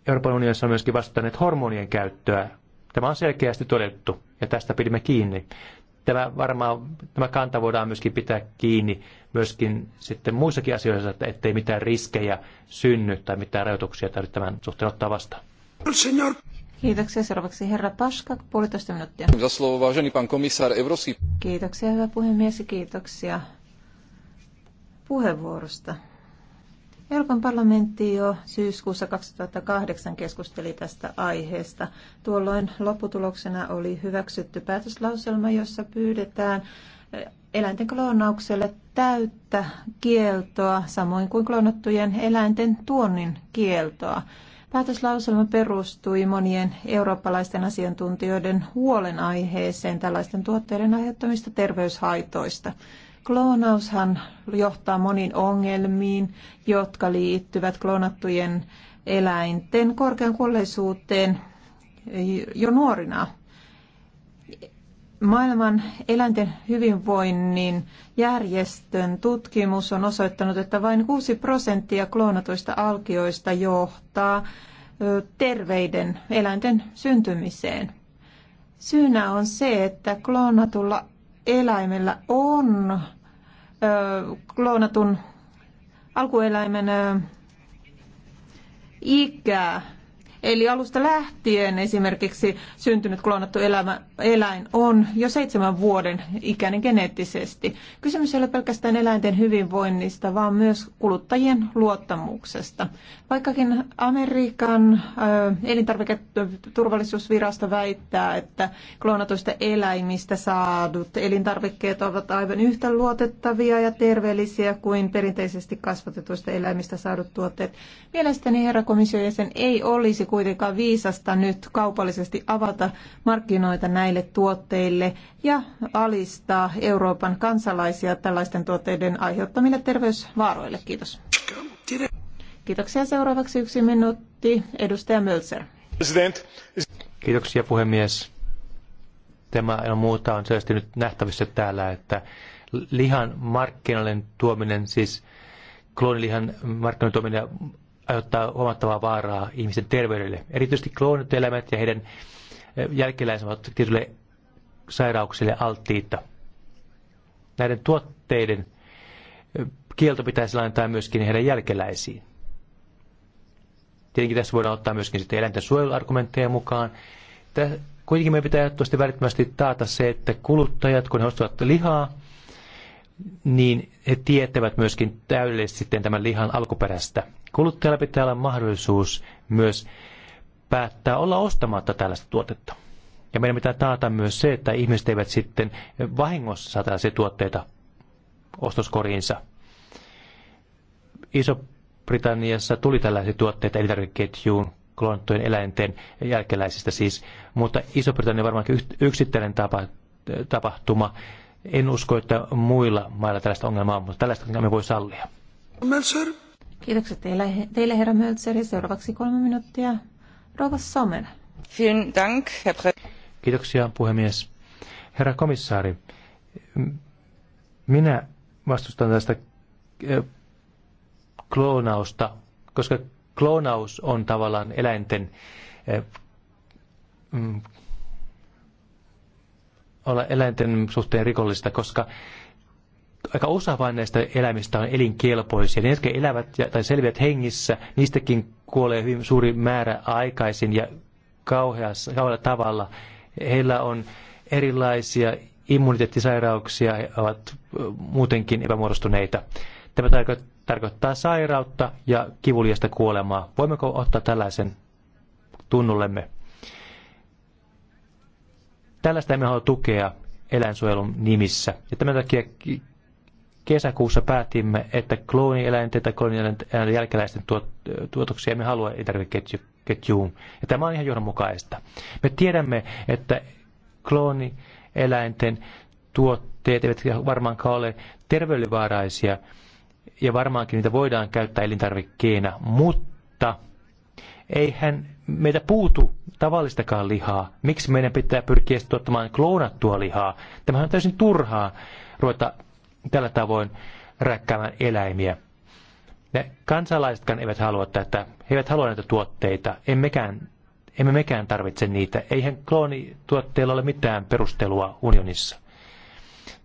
Euroopan unionissa on myöskin vastanneet hormonien käyttöä. Tämä on selkeästi todettu ja tästä pidimme kiinni. Tämä, varmaan, tämä kanta voidaan myöskin pitää kiinni myöskin sitten muissakin asioissa, että ettei mitään riskejä synny tai mitään rajoituksia tarvitse tämän suhteen ottaa vastaan. Senor. Kiitoksia. Seuraavaksi herra Paska, puolitoista minuuttia. Kiitoksia, hyvä puhemies, ja kiitoksia puheenvuorosta. Euroopan parlamentti jo syyskuussa 2008 keskusteli tästä aiheesta. Tuolloin lopputuloksena oli hyväksytty päätöslauselma, jossa pyydetään eläinten kloonaukselle täyttä kieltoa, samoin kuin kloonattujen eläinten tuonnin kieltoa. Päätöslauselma perustui monien eurooppalaisten asiantuntijoiden huolenaiheeseen tällaisten tuotteiden aiheuttamista terveyshaitoista. Kloonaushan johtaa moniin ongelmiin, jotka liittyvät kloonattujen eläinten korkean kuolleisuuteen jo nuorina Maailman eläinten hyvinvoinnin järjestön tutkimus on osoittanut, että vain 6 prosenttia kloonatuista alkioista johtaa terveiden eläinten syntymiseen. Syynä on se, että kloonatulla eläimellä on kloonatun alkueläimen ö, ikä Eli alusta lähtien esimerkiksi syntynyt kloonattu elämä, eläin on jo seitsemän vuoden ikäinen geneettisesti. Kysymys ei ole pelkästään eläinten hyvinvoinnista, vaan myös kuluttajien luottamuksesta. Vaikkakin Amerikan elintarviketurvallisuusvirasto väittää, että kloonatuista eläimistä saadut elintarvikkeet ovat aivan yhtä luotettavia ja terveellisiä kuin perinteisesti kasvatetuista eläimistä saadut tuotteet. Mielestäni herra komission jäsen ei olisi kuitenkaan viisasta nyt kaupallisesti avata markkinoita näille tuotteille ja alistaa Euroopan kansalaisia tällaisten tuotteiden aiheuttamille terveysvaaroille. Kiitos. Kiitoksia. Seuraavaksi yksi minuutti. Edustaja Mölzer. Kiitoksia puhemies. Tämä on muuta on selvästi nyt nähtävissä täällä, että lihan markkinoille tuominen, siis kloonilihan markkinoille tuominen aiheuttaa huomattavaa vaaraa ihmisten terveydelle. Erityisesti kloonit eläimet ja heidän eh, jälkeläisensä ovat tietylle sairauksille alttiita. Näiden tuotteiden eh, kielto pitäisi antaa myöskin heidän jälkeläisiin. Tietenkin tässä voidaan ottaa myöskin sitten eläinten suojeluargumentteja mukaan. Tässä kuitenkin meidän pitää jatkuvasti välittömästi taata se, että kuluttajat, kun he ostavat lihaa, niin he tietävät myöskin täydellisesti sitten tämän lihan alkuperästä Kuluttajalla pitää olla mahdollisuus myös päättää olla ostamatta tällaista tuotetta. Ja meidän pitää taata myös se, että ihmiset eivät sitten vahingossa saa tällaisia tuotteita ostoskoriinsa. Iso-Britanniassa tuli tällaisia tuotteita elintarvikeketjuun kloonattujen eläinten jälkeläisistä siis, mutta Iso-Britannia varmaankin yksittäinen tapa, tapahtuma. En usko, että muilla mailla tällaista ongelmaa on, mutta tällaista me voi sallia. sir. Kiitokset teille, teille herra Möltser. seuraavaksi kolme minuuttia Rova Sommer. Vielen Dank, herr Kiitoksia, puhemies. Herra komissaari, minä vastustan tästä eh, kloonausta, koska kloonaus on tavallaan eläinten eh, mm, olla eläinten suhteen rikollista, koska aika osa vain näistä elämistä on elinkelpoisia. Ne, jotka elävät tai selviät hengissä, niistäkin kuolee hyvin suuri määrä aikaisin ja kauheassa, kauhealla tavalla. Heillä on erilaisia immuniteettisairauksia, he ovat muutenkin epämuodostuneita. Tämä tarko- tarkoittaa sairautta ja kivuliasta kuolemaa. Voimmeko ottaa tällaisen tunnullemme? Tällaista emme halua tukea eläinsuojelun nimissä. Ja tämän takia kesäkuussa päätimme, että kloonieläinten tai kloonieläinten jälkeläisten tuot, tuotoksia emme halua elintarvikeketjuun. Ja tämä on ihan johdonmukaista. Me tiedämme, että kloonieläinten tuotteet eivät varmaankaan ole terveydenvaaraisia, ja varmaankin niitä voidaan käyttää elintarvikkeena, mutta eihän meitä puutu tavallistakaan lihaa. Miksi meidän pitää pyrkiä tuottamaan kloonattua lihaa? Tämähän on täysin turhaa ruveta tällä tavoin räkkäämään eläimiä. Ne kansalaisetkaan eivät halua tätä, he eivät halua näitä tuotteita, emmekään, emme mekään tarvitse niitä. Eihän kloonituotteilla ole mitään perustelua unionissa.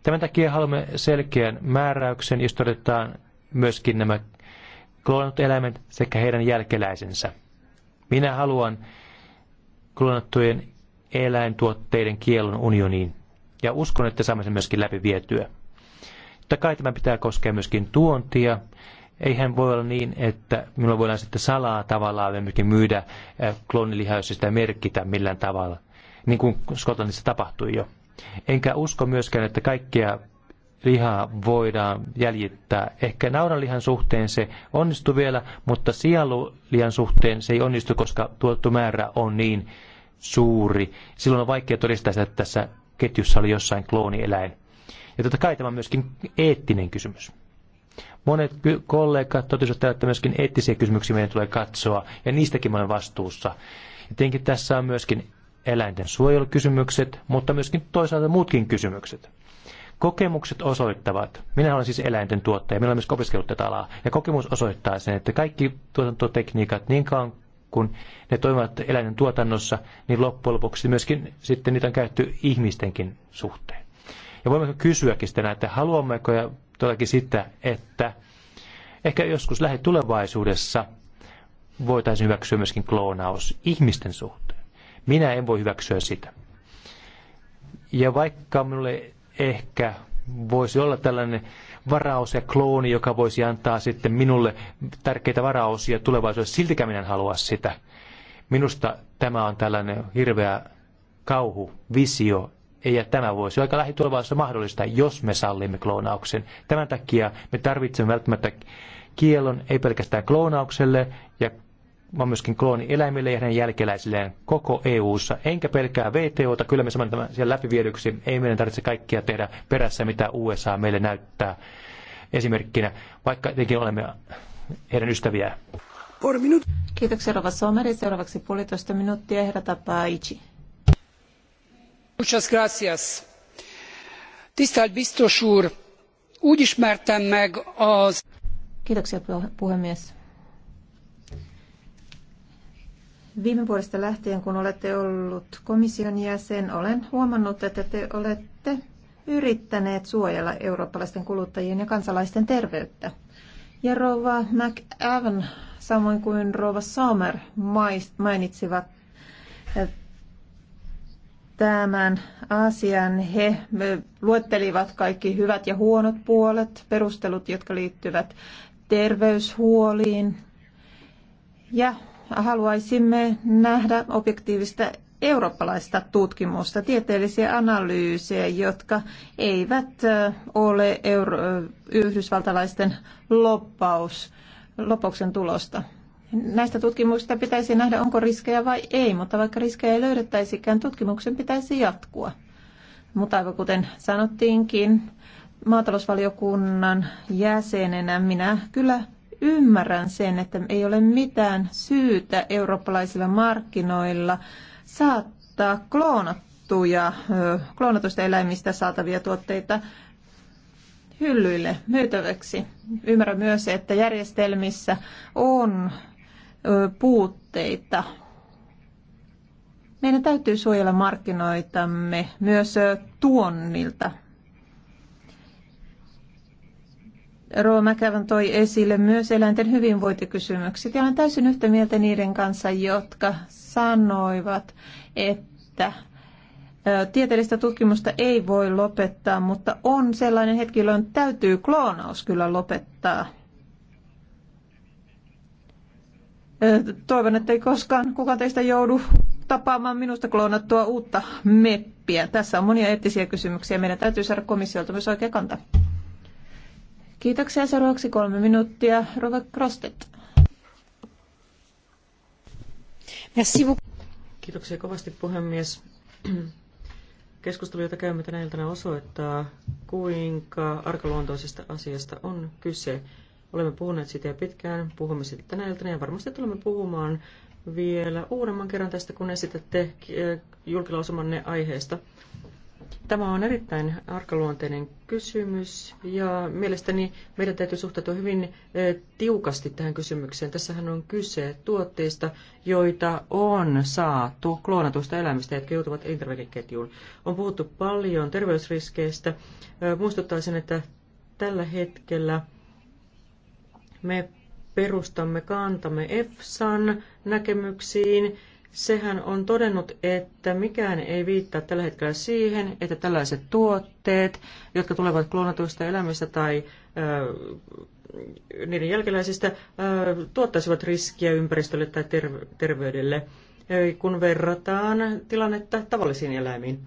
Tämän takia haluamme selkeän määräyksen, jos todetaan myöskin nämä kloonatut eläimet sekä heidän jälkeläisensä. Minä haluan kloonattujen eläintuotteiden kielon unioniin ja uskon, että saamme sen myöskin läpi vietyä. Totta kai tämä pitää koskea myöskin tuontia. Eihän voi olla niin, että minulla voidaan sitten salaa tavallaan myöskin myydä eh, kloonilihaa, jos sitä merkitä millään tavalla, niin kuin Skotlannissa tapahtui jo. Enkä usko myöskään, että kaikkia lihaa voidaan jäljittää. Ehkä naudanlihan suhteen se onnistuu vielä, mutta sialulihan suhteen se ei onnistu, koska tuotettu määrä on niin suuri. Silloin on vaikea todistaa sitä, että tässä ketjussa oli jossain kloonieläin. Ja totta kai tämä on myöskin eettinen kysymys. Monet kollegat totesivat, että myöskin eettisiä kysymyksiä meidän tulee katsoa, ja niistäkin olen vastuussa. Tietenkin tässä on myöskin eläinten suojelukysymykset, mutta myöskin toisaalta muutkin kysymykset. Kokemukset osoittavat, minä olen siis eläinten tuottaja, minä olen myös opiskellut tätä alaa, ja kokemus osoittaa sen, että kaikki tuotantotekniikat, niin kauan kun ne toimivat eläinten tuotannossa, niin loppujen lopuksi myöskin sitten niitä on käytetty ihmistenkin suhteen. Ja voimme kysyäkin sitä että haluammeko ja todellakin sitä, että ehkä joskus lähitulevaisuudessa voitaisiin hyväksyä myöskin kloonaus ihmisten suhteen. Minä en voi hyväksyä sitä. Ja vaikka minulle ehkä voisi olla tällainen varaus ja klooni, joka voisi antaa sitten minulle tärkeitä varausia tulevaisuudessa, siltikään minä en halua sitä. Minusta tämä on tällainen hirveä kauhu, visio, ja tämä voisi aika lähitulevaisuudessa mahdollista, jos me sallimme kloonauksen. Tämän takia me tarvitsemme välttämättä kielon ei pelkästään kloonaukselle, ja vaan myöskin kloonieläimille ja hänen jälkeläisilleen koko EU-ssa. Enkä pelkää VTOta, kyllä me saamme tämän siellä läpiviedyksi. Ei meidän tarvitse kaikkia tehdä perässä, mitä USA meille näyttää esimerkkinä, vaikka tietenkin olemme heidän ystäviä. Kiitoksia Rova Someri. Seuraavaksi puolitoista minuuttia. Herra Tapaichi tisztelt biztos úr úgy ismertem meg az. kiitoksia puhemies Viime vuodesta lähtien, kun olette ollut komission jäsen, olen huomannut, että te olette yrittäneet suojella eurooppalaisten kuluttajien ja kansalaisten terveyttä. Ja Rova McAvan, samoin kuin Rova Sommer mainitsivat tämän asian. He luettelivat kaikki hyvät ja huonot puolet, perustelut, jotka liittyvät terveyshuoliin. Ja haluaisimme nähdä objektiivista eurooppalaista tutkimusta, tieteellisiä analyysejä, jotka eivät ole euro- yhdysvaltalaisten loppaus, loppauksen tulosta. Näistä tutkimuksista pitäisi nähdä, onko riskejä vai ei, mutta vaikka riskejä ei löydettäisikään, tutkimuksen pitäisi jatkua. Mutta aivan kuten sanottiinkin, maatalousvaliokunnan jäsenenä minä kyllä ymmärrän sen, että ei ole mitään syytä eurooppalaisilla markkinoilla saattaa kloonattuja, kloonatusta eläimistä saatavia tuotteita hyllyille myytäväksi. Ymmärrän myös, että järjestelmissä on puutteita. Meidän täytyy suojella markkinoitamme myös tuonnilta. Roo Mäkävän toi esille myös eläinten hyvinvointikysymykset ja olen täysin yhtä mieltä niiden kanssa, jotka sanoivat, että tieteellistä tutkimusta ei voi lopettaa, mutta on sellainen hetki, jolloin täytyy kloonaus kyllä lopettaa. Toivon, että ei koskaan kukaan teistä joudu tapaamaan minusta kloonattua uutta meppiä. Tässä on monia eettisiä kysymyksiä. Meidän täytyy saada komissiolta myös oikea kanta. Kiitoksia. Seuraavaksi kolme minuuttia. Rova Krostet. Kiitoksia kovasti puhemies. Keskustelu, jota käymme tänä iltana osoittaa, kuinka arkaluontoisesta asiasta on kyse. Olemme puhuneet sitä jo pitkään, puhumme sitä tänä iltana ja varmasti tulemme puhumaan vielä uudemman kerran tästä, kun esitätte eh, julkilausumanne aiheesta. Tämä on erittäin arkaluonteinen kysymys ja mielestäni meidän täytyy suhtautua hyvin eh, tiukasti tähän kysymykseen. Tässähän on kyse tuotteista, joita on saatu kloonatuista elämistä, jotka joutuvat elintarvikeketjuun. On puhuttu paljon terveysriskeistä. Eh, muistuttaisin, että tällä hetkellä – me perustamme kantamme EFSAn näkemyksiin. Sehän on todennut, että mikään ei viittaa tällä hetkellä siihen, että tällaiset tuotteet, jotka tulevat kloonatuista elämistä tai niiden jälkeläisistä tuottaisivat riskiä ympäristölle tai terveydelle, kun verrataan tilannetta tavallisiin eläimiin.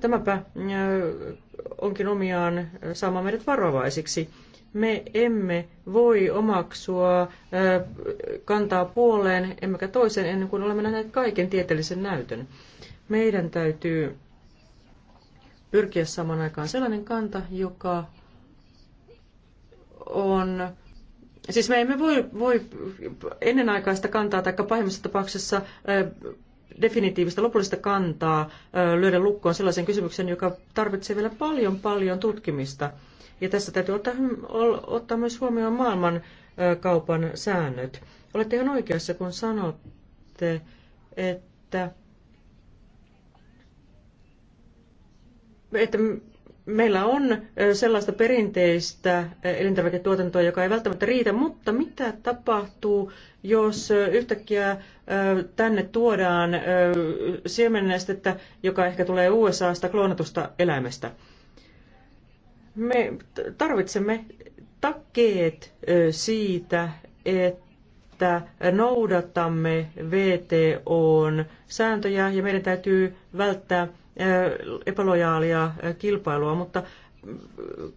Tämäpä onkin omiaan saamaan meidät varovaisiksi me emme voi omaksua kantaa puoleen emmekä toisen ennen kuin olemme nähneet kaiken tieteellisen näytön. Meidän täytyy pyrkiä saman aikaan sellainen kanta, joka on... Siis me emme voi, voi ennenaikaista kantaa tai pahimmassa tapauksessa definitiivistä lopullista kantaa lyödä lukkoon sellaisen kysymyksen, joka tarvitsee vielä paljon paljon tutkimista. Ja tässä täytyy ottaa, ottaa myös huomioon maailman kaupan säännöt. Olette ihan oikeassa, kun sanotte, että, että meillä on sellaista perinteistä elintarviketuotantoa, joka ei välttämättä riitä, mutta mitä tapahtuu, jos yhtäkkiä tänne tuodaan siemennestettä, joka ehkä tulee USAsta kloonatusta eläimestä? me tarvitsemme takeet siitä, että noudatamme VTOn sääntöjä ja meidän täytyy välttää epälojaalia kilpailua, mutta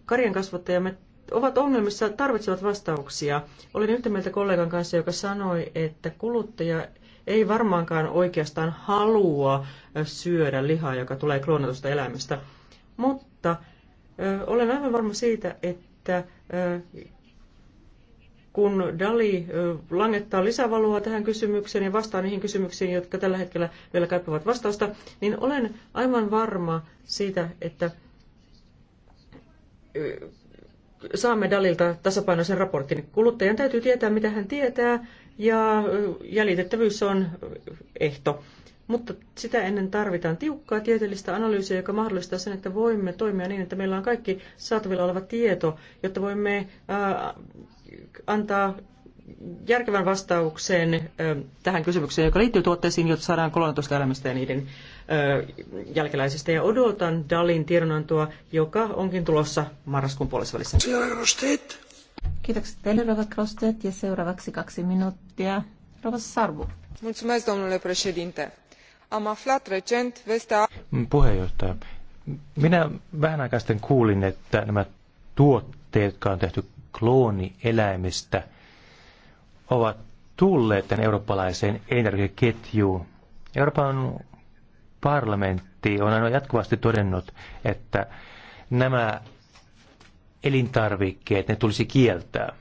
karjan kasvattajamme ovat ongelmissa, tarvitsevat vastauksia. Olin yhtä mieltä kollegan kanssa, joka sanoi, että kuluttaja ei varmaankaan oikeastaan halua syödä lihaa, joka tulee kloonatusta eläimestä. Mutta olen aivan varma siitä, että kun Dali langettaa lisävaloa tähän kysymykseen ja vastaa niihin kysymyksiin, jotka tällä hetkellä vielä kaipaavat vastausta, niin olen aivan varma siitä, että saamme Dalilta tasapainoisen raportin. Kuluttajan täytyy tietää, mitä hän tietää, ja jäljitettävyys on ehto. Mutta sitä ennen tarvitaan tiukkaa tieteellistä analyysiä, joka mahdollistaa sen, että voimme toimia niin, että meillä on kaikki saatavilla oleva tieto, jotta voimme ää, äh, antaa järkevän vastauksen ää, äh, tähän kysymykseen, joka liittyy tuotteisiin, jotta saadaan kolonatusta elämästä ja niiden ää, äh, jälkeläisistä. Ja odotan Dalin tiedonantoa, joka onkin tulossa marraskuun puolessa välissä. Kiitokset teille, Rova Krostet, ja seuraavaksi kaksi minuuttia. Rova Sarvu. Mulțumesc, domnule președinte Am aflat recent vestea... Mm, puheenjohtaja, minä vähän aikaa sitten kuulin, että nämä tuotteet, jotka on tehty kloonieläimistä, ovat tulleet tämän eurooppalaiseen elintarvikeketjuun. Euroopan parlamentti on aina jatkuvasti todennut, että nämä elintarvikkeet, ne tulisi kieltää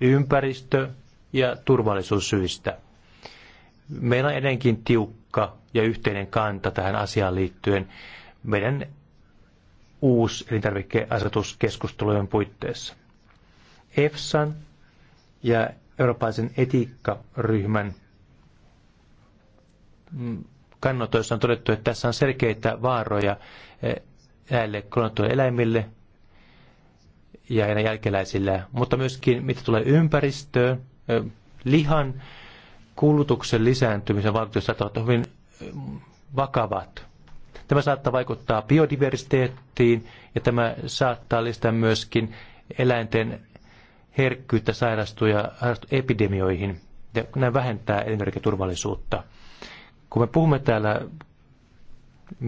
ympäristö- ja turvallisuussyistä. Meillä on edelleenkin tiukka tiukka ja yhteinen kanta tähän asiaan liittyen meidän uusi elintarvikkeasetuskeskustelujen puitteissa. EFSAn ja Euroopan etiikkaryhmän kannatoissa on todettu, että tässä on selkeitä vaaroja eh, näille klonattuille eläimille ja heidän jälkeläisille, mutta myöskin mitä tulee ympäristöön, eh, lihan kulutuksen lisääntymisen vaikutukset saattaa olla hyvin eh, vakavat. Tämä saattaa vaikuttaa biodiversiteettiin ja tämä saattaa lisätä myöskin eläinten herkkyyttä sairastuja epidemioihin. Ja näin vähentää elintarviketurvallisuutta. Kun me puhumme täällä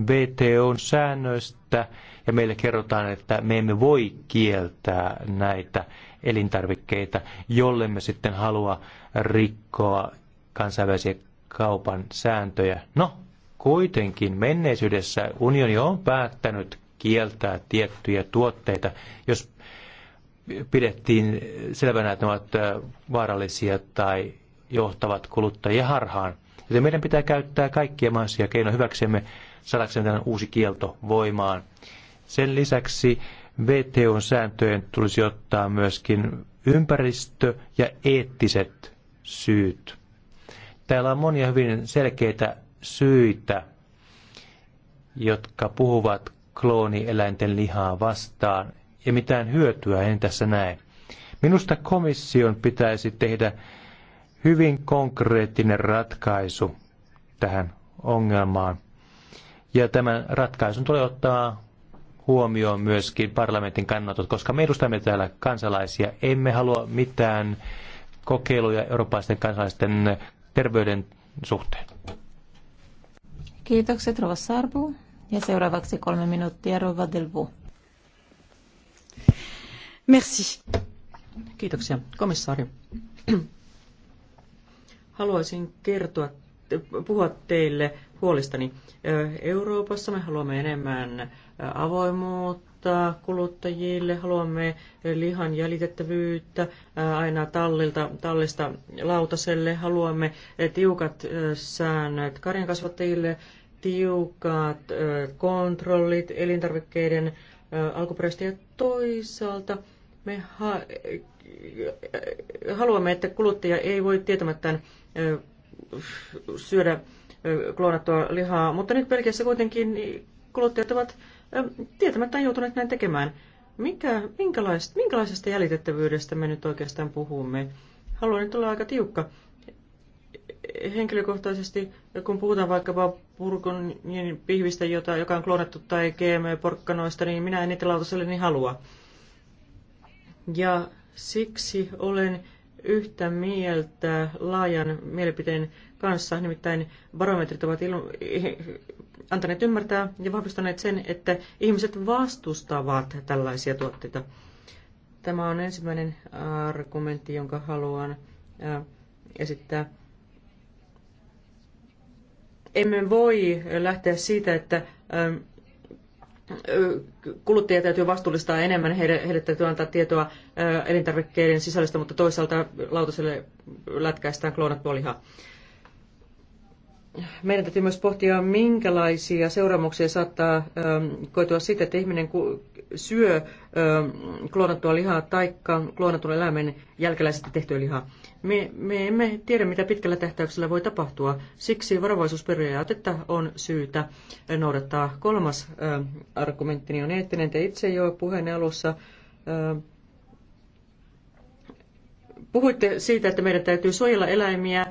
VTOn säännöistä ja meille kerrotaan, että me emme voi kieltää näitä elintarvikkeita, jolle me sitten halua rikkoa kansainvälisiä kaupan sääntöjä. No, kuitenkin menneisyydessä unioni on päättänyt kieltää tiettyjä tuotteita, jos pidettiin selvänä, että ne ovat vaarallisia tai johtavat kuluttajia harhaan. Joten meidän pitää käyttää kaikkia mahdollisia keinoja hyväksemme saadaksemme tämän uusi kielto voimaan. Sen lisäksi VTOn sääntöjen tulisi ottaa myöskin ympäristö- ja eettiset syyt Täällä on monia hyvin selkeitä syitä, jotka puhuvat kloonieläinten lihaa vastaan, ja mitään hyötyä en tässä näe. Minusta komission pitäisi tehdä hyvin konkreettinen ratkaisu tähän ongelmaan. Ja tämän ratkaisun tulee ottaa huomioon myöskin parlamentin kannatot, koska me edustamme täällä kansalaisia. Emme halua mitään kokeiluja eurooppalaisten kansalaisten terveyden suhteen. Kiitokset Rova Sarbu. Ja seuraavaksi kolme minuuttia Rova Delvu. Merci. Kiitoksia, komissaari. Haluaisin kertoa, puhua teille huolistani. Euroopassa me haluamme enemmän avoimuutta helpottaa kuluttajille. Haluamme lihan jäljitettävyyttä aina tallilta, tallista lautaselle. Haluamme tiukat säännöt karjankasvattajille, tiukat kontrollit elintarvikkeiden alkuperäistä ja toisaalta me ha- haluamme, että kuluttaja ei voi tietämättään syödä kloonattua lihaa, mutta nyt pelkässä kuitenkin kuluttajat ovat tietämättä joutuneet näin tekemään. Mikä, minkälaisesta, minkälaisesta jäljitettävyydestä me nyt oikeastaan puhumme? Haluan nyt olla aika tiukka. Henkilökohtaisesti, kun puhutaan vaikkapa purkunin pihvistä, jota, joka on kloonattu, tai GM-porkkanoista, niin minä en niitä lautaselle niin halua. Ja siksi olen yhtä mieltä laajan mielipiteen kanssa. Nimittäin barometrit ovat eh, antaneet ymmärtää ja vahvistaneet sen, että ihmiset vastustavat tällaisia tuotteita. Tämä on ensimmäinen argumentti, jonka haluan eh, esittää. Emme voi lähteä siitä, että eh, kuluttajia täytyy vastuullistaa enemmän, heille, heille täytyy antaa tietoa elintarvikkeiden sisällöstä, mutta toisaalta lautaselle lätkäistään kloonattua lihaa meidän täytyy myös pohtia, minkälaisia seuraamuksia saattaa ähm, koitua siitä, että ihminen syö ähm, kloonattua lihaa tai kloonatun eläimen jälkeläisesti tehtyä lihaa. Me, me emme tiedä, mitä pitkällä tähtäyksellä voi tapahtua. Siksi varovaisuusperiaatetta on syytä noudattaa. Kolmas ähm, argumenttini niin on eettinen. Te itse jo puheen alussa puhuitte siitä, että meidän täytyy suojella eläimiä äh,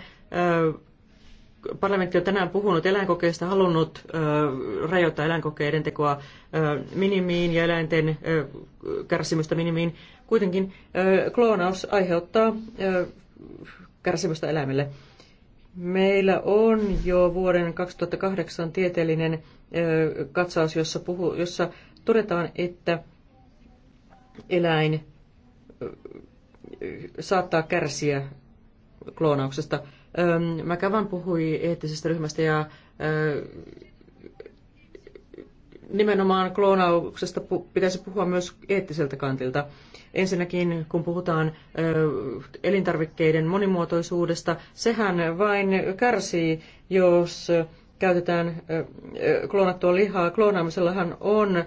parlamentti on tänään puhunut eläinkokeista, halunnut rajoittaa eläinkokeiden tekoa minimiin ja eläinten kärsimystä minimiin. Kuitenkin kloonaus aiheuttaa kärsimystä eläimille. Meillä on jo vuoden 2008 tieteellinen katsaus, jossa, puhu, jossa todetaan, että eläin saattaa kärsiä kloonauksesta – Mäkävan puhui eettisestä ryhmästä ja nimenomaan kloonauksesta pitäisi puhua myös eettiseltä kantilta. Ensinnäkin, kun puhutaan elintarvikkeiden monimuotoisuudesta, sehän vain kärsii, jos käytetään kloonattua lihaa. Kloonaamisellahan on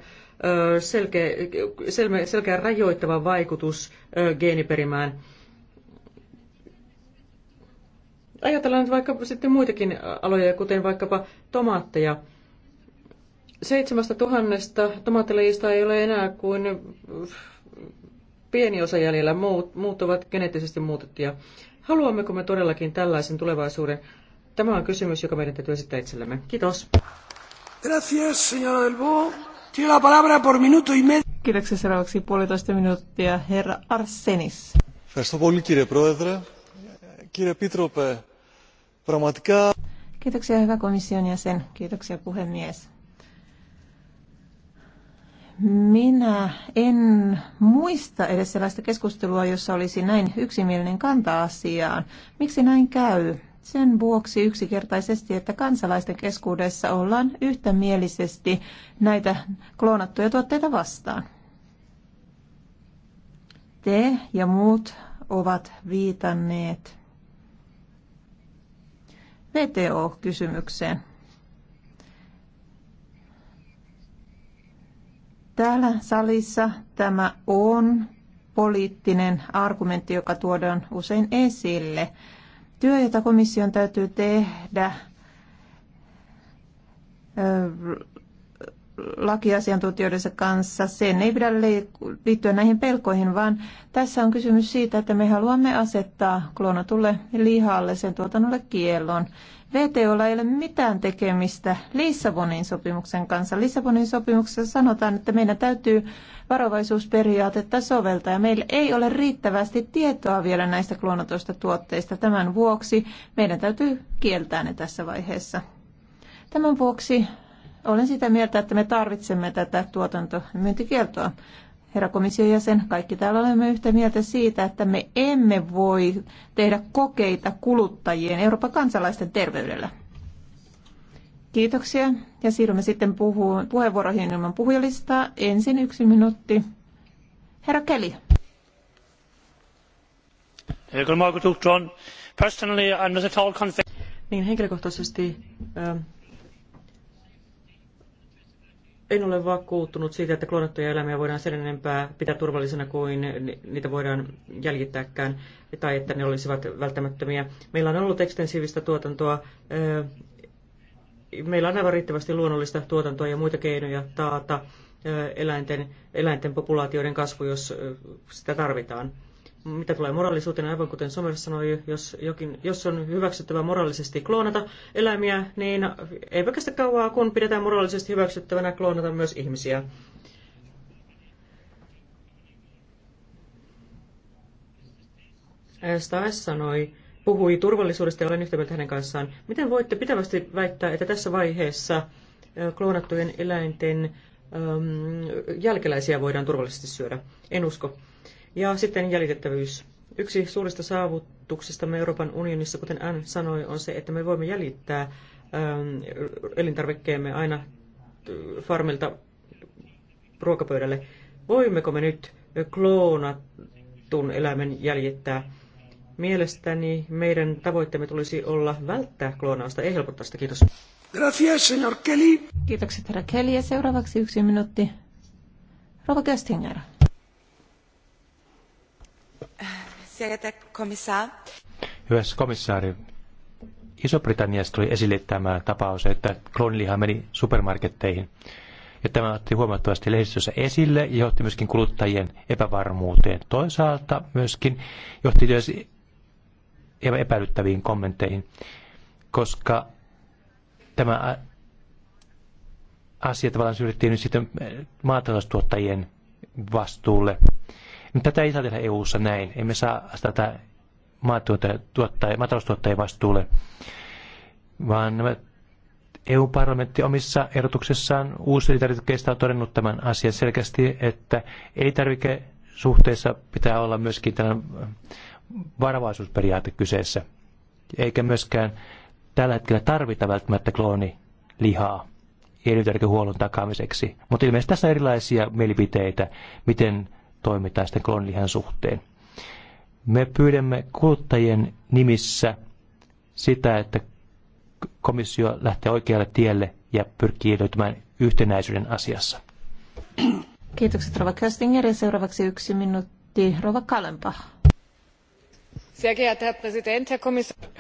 selkeä, selkeä rajoittava vaikutus geeniperimään. Ajatellaan nyt vaikka sitten muitakin aloja, kuten vaikkapa tomaatteja. Seitsemästä tuhannesta tomaattilajista ei ole enää kuin pieni osa jäljellä, muut, muut ovat geneettisesti muutettuja. Haluammeko me todellakin tällaisen tulevaisuuden? Tämä on kysymys, joka meidän täytyy esittää itsellemme. Kiitos. Gracias, señora Bo. Tiene la palabra por minuto y medio. Kiitoksia seuraavaksi puolitoista minuuttia, herra Arsenis. Ευχαριστώ πολύ κύριε Πρόεδρε. Κύριε Πίτροπε, Kiitoksia hyvä komission jäsen. Kiitoksia puhemies. Minä en muista edes sellaista keskustelua, jossa olisi näin yksimielinen kanta asiaan. Miksi näin käy? Sen vuoksi yksinkertaisesti, että kansalaisten keskuudessa ollaan yhtämielisesti näitä kloonattuja tuotteita vastaan. Te ja muut ovat viitanneet VTO-kysymykseen. Täällä salissa tämä on poliittinen argumentti, joka tuodaan usein esille. Työ, jota komission täytyy tehdä lakiasiantuntijoidensa kanssa. Sen ei pidä liittyä näihin pelkoihin, vaan tässä on kysymys siitä, että me haluamme asettaa kloonatulle lihalle sen tuotannolle kiellon. VTOlla ei ole mitään tekemistä Lissabonin sopimuksen kanssa. Lissabonin sopimuksessa sanotaan, että meidän täytyy varovaisuusperiaatetta soveltaa ja meillä ei ole riittävästi tietoa vielä näistä kloonatuista tuotteista. Tämän vuoksi meidän täytyy kieltää ne tässä vaiheessa. Tämän vuoksi olen sitä mieltä, että me tarvitsemme tätä tuotantomyyntikieltoa. Herra komission jäsen, kaikki täällä olemme yhtä mieltä siitä, että me emme voi tehdä kokeita kuluttajien, Euroopan kansalaisten terveydellä. Kiitoksia. Ja siirrymme sitten puhuun, puheenvuoroihin ilman puhujalistaa. Ensin yksi minuutti. Herra Kelly. Niin henkilökohtaisesti en ole vakuuttunut siitä, että kloonattuja eläimiä voidaan sen enempää pitää turvallisena kuin niitä voidaan jäljittääkään tai että ne olisivat välttämättömiä. Meillä on ollut ekstensiivistä tuotantoa, meillä on aivan riittävästi luonnollista tuotantoa ja muita keinoja taata eläinten, eläinten populaatioiden kasvu, jos sitä tarvitaan mitä tulee moraalisuuteen, aivan kuten Somer sanoi, jos, jokin, jos on hyväksyttävä moraalisesti kloonata eläimiä, niin ei kestä kauaa, kun pidetään moraalisesti hyväksyttävänä kloonata myös ihmisiä. Staes sanoi, puhui turvallisuudesta ja olen yhtä mieltä hänen kanssaan. Miten voitte pitävästi väittää, että tässä vaiheessa kloonattujen eläinten äm, jälkeläisiä voidaan turvallisesti syödä? En usko. Ja sitten jäljitettävyys. Yksi suurista saavutuksistamme Euroopan unionissa, kuten Anne sanoi, on se, että me voimme jäljittää ähm, elintarvikkeemme aina äh, farmilta ruokapöydälle. Voimmeko me nyt kloonatun eläimen jäljittää? Mielestäni meidän tavoitteemme tulisi olla välttää kloonausta, ei helpottaa sitä. Kiitos. Gracias, señor Kelly. Kiitokset, herra Kelly. Ja seuraavaksi yksi minuutti. Rova Köstinger. sehr geehrter Kommissar. Hyvässä komissaari, Iso-Britanniasta tuli esille tämä tapaus, että klooniliha meni supermarketteihin. Ja tämä otti huomattavasti lehdistössä esille ja johti myöskin kuluttajien epävarmuuteen. Toisaalta myöskin johti myös epäilyttäviin kommentteihin, koska tämä asia tavallaan syrjittiin nyt sitten maataloustuottajien vastuulle. Niin tätä ei saa tehdä EU-ssa näin. Emme saa tätä maataloustuottajien vastuulle, vaan EU-parlamentti omissa ehdotuksissaan uuselintarvikkeista on todennut tämän asian selkeästi, että ei tarvike suhteessa pitää olla myöskin tällainen varovaisuusperiaate kyseessä, eikä myöskään tällä hetkellä tarvita välttämättä kloonilihaa elintarvikehuollon takaamiseksi. Mutta ilmeisesti tässä on erilaisia mielipiteitä, miten toimitaan sitten kloonilihan suhteen. Me pyydämme kuluttajien nimissä sitä, että komissio lähtee oikealle tielle ja pyrkii löytämään yhtenäisyyden asiassa. Kiitokset Rova Köstinger ja seuraavaksi yksi minuutti Rova Kalempa.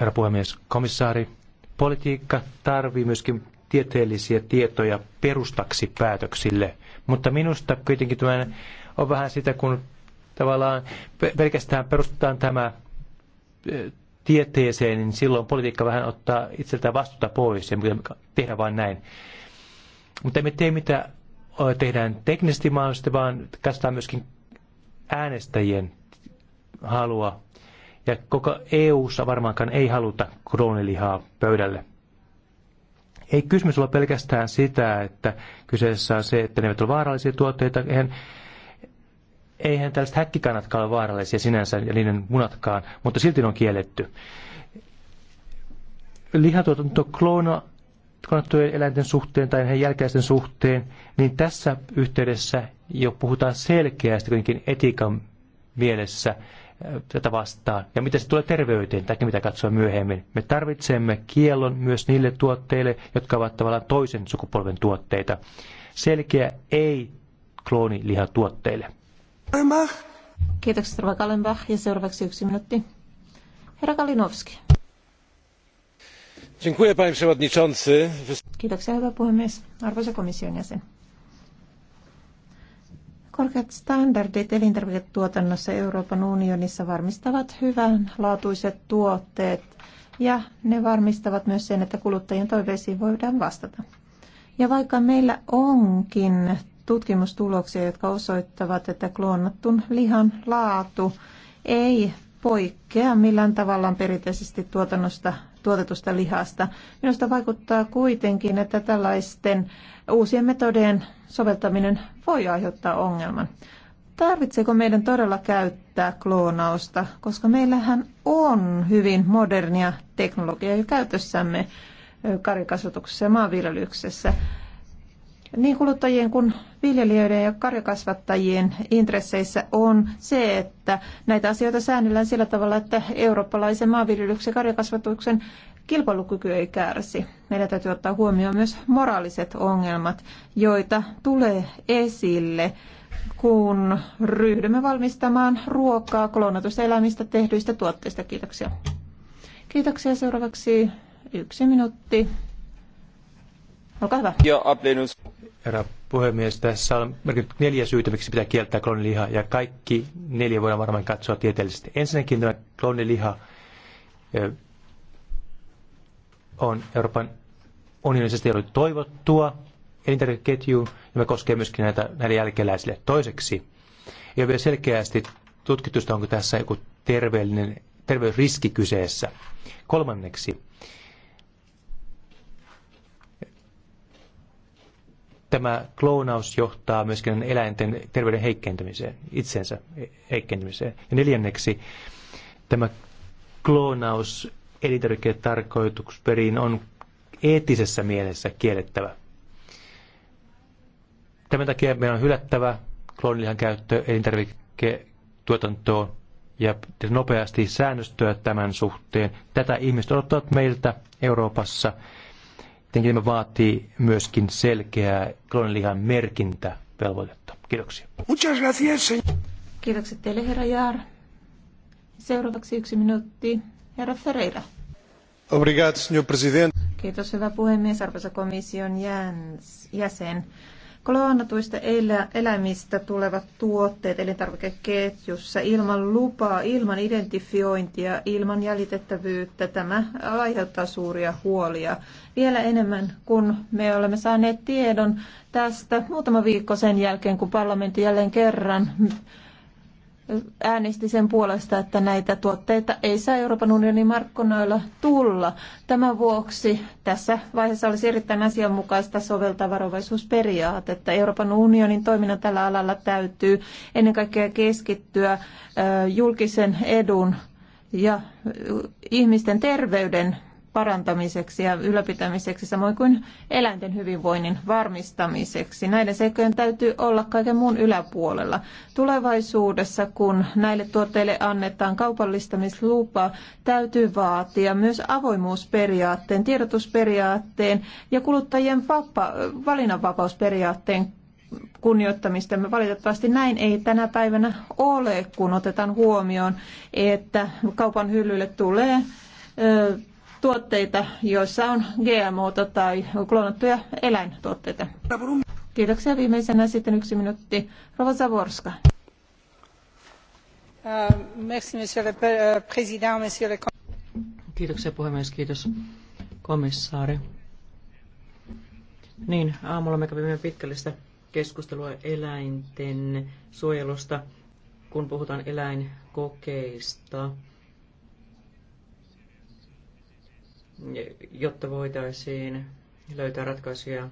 Herra puhemies, komissaari, politiikka tarvii myöskin tieteellisiä tietoja perustaksi päätöksille, mutta minusta kuitenkin tämän on vähän sitä, kun tavallaan pelkästään perustetaan tämä e, tieteeseen, niin silloin politiikka vähän ottaa itseltään vastuuta pois ja tehdä vain näin. Mutta emme tee mitä tehdään teknisesti mahdollisesti, vaan katsotaan myöskin äänestäjien halua. Ja koko EU-ssa varmaankaan ei haluta kroonilihaa pöydälle. Ei kysymys ole pelkästään sitä, että kyseessä on se, että ne eivät ole vaarallisia tuotteita. Eihän eihän tällaiset häkkikanatkaan ole vaarallisia sinänsä ja niiden munatkaan, mutta silti ne on kielletty. Lihatuotanto kloona kannattujen eläinten suhteen tai heidän jälkeisten suhteen, niin tässä yhteydessä jo puhutaan selkeästi kuitenkin etiikan mielessä äh, tätä vastaan. Ja mitä se tulee terveyteen, tai mitä katsoa myöhemmin. Me tarvitsemme kiellon myös niille tuotteille, jotka ovat tavallaan toisen sukupolven tuotteita. Selkeä ei kloonilihatuotteille. Kallenbach. Kiitokset, Rova Kallenbach. Ja seuraavaksi yksi minuutti. Herra Kalinowski. Dziękuję, panie przewodniczący. Kiitoksia, hyvä puhemies. Arvoisa komission jäsen. Korkeat standardit elintarviketuotannossa Euroopan unionissa varmistavat hyvän laatuiset tuotteet ja ne varmistavat myös sen, että kuluttajien toiveisiin voidaan vastata. Ja vaikka meillä onkin tutkimustuloksia, jotka osoittavat, että kloonattun lihan laatu ei poikkea millään tavallaan perinteisesti tuotannosta, tuotetusta lihasta. Minusta vaikuttaa kuitenkin, että tällaisten uusien metodien soveltaminen voi aiheuttaa ongelman. Tarvitseeko meidän todella käyttää kloonausta, koska meillähän on hyvin modernia teknologiaa jo käytössämme karikasvatuksessa ja maanviljelyksessä niin kuluttajien kuin viljelijöiden ja karjakasvattajien intresseissä on se, että näitä asioita säännellään sillä tavalla, että eurooppalaisen maanviljelyksen ja karjakasvatuksen kilpailukyky ei kärsi. Meidän täytyy ottaa huomioon myös moraaliset ongelmat, joita tulee esille, kun ryhdymme valmistamaan ruokaa kloonatusta elämistä tehdyistä tuotteista. Kiitoksia. Kiitoksia. Seuraavaksi yksi minuutti. Olkaa hyvä. Ja herra puhemies. Tässä on merkitty neljä syytä, miksi pitää kieltää klooniliha, ja kaikki neljä voidaan varmaan katsoa tieteellisesti. Ensinnäkin tämä klooniliha on Euroopan unionisesti ollut toivottua elintarvikeketjuun, ja me koskee myöskin näitä, näille jälkeläisille. Toiseksi, ei ole vielä selkeästi tutkitusta, onko tässä joku terveellinen, terveysriski kyseessä. Kolmanneksi, tämä kloonaus johtaa myöskin eläinten terveyden heikkentymiseen, itsensä heikkentymiseen. Ja neljänneksi tämä kloonaus elintarvikkeiden on eettisessä mielessä kiellettävä. Tämän takia meidän on hylättävä kloonilihan käyttö elintarviketuotantoon ja nopeasti säännöstöä tämän suhteen. Tätä ihmiset odottavat meiltä Euroopassa Tietenkin tämä vaatii myöskin selkeää kloonilihan velvoitetta. Kiitoksia. Muchas gracias. Kiitokset teille, herra Jaar. Seuraavaksi yksi minuutti, herra Ferreira. Obrigado, senhor president. Kiitos, hyvä puhemies, arvoisa komission jäsen. Kloonatuista eläimistä tulevat tuotteet elintarvikeketjussa ilman lupaa, ilman identifiointia, ilman jäljitettävyyttä, tämä aiheuttaa suuria huolia. Vielä enemmän, kun me olemme saaneet tiedon tästä muutama viikko sen jälkeen, kun parlamentti jälleen kerran äänesti sen puolesta, että näitä tuotteita ei saa Euroopan unionin markkinoilla tulla. Tämän vuoksi tässä vaiheessa olisi erittäin asianmukaista soveltaa varovaisuusperiaatetta. Euroopan unionin toiminnan tällä alalla täytyy ennen kaikkea keskittyä julkisen edun ja ihmisten terveyden parantamiseksi ja ylläpitämiseksi, samoin kuin eläinten hyvinvoinnin varmistamiseksi. Näiden seikkojen täytyy olla kaiken muun yläpuolella. Tulevaisuudessa, kun näille tuotteille annetaan kaupallistamislupa, täytyy vaatia myös avoimuusperiaatteen, tiedotusperiaatteen ja kuluttajien vapa- valinnanvapausperiaatteen kunnioittamista. Me valitettavasti näin ei tänä päivänä ole, kun otetaan huomioon, että kaupan hyllylle tulee tuotteita, joissa on GMO- tai kloonattuja eläintuotteita. Kiitoksia. Viimeisenä sitten yksi minuutti. Rova Zavorska. Euh, euh, Kiitoksia puhemies, kiitos komissaari. Niin, aamulla me kävimme pitkällistä keskustelua eläinten suojelusta, kun puhutaan eläinkokeista. jotta voitaisiin löytää ratkaisuja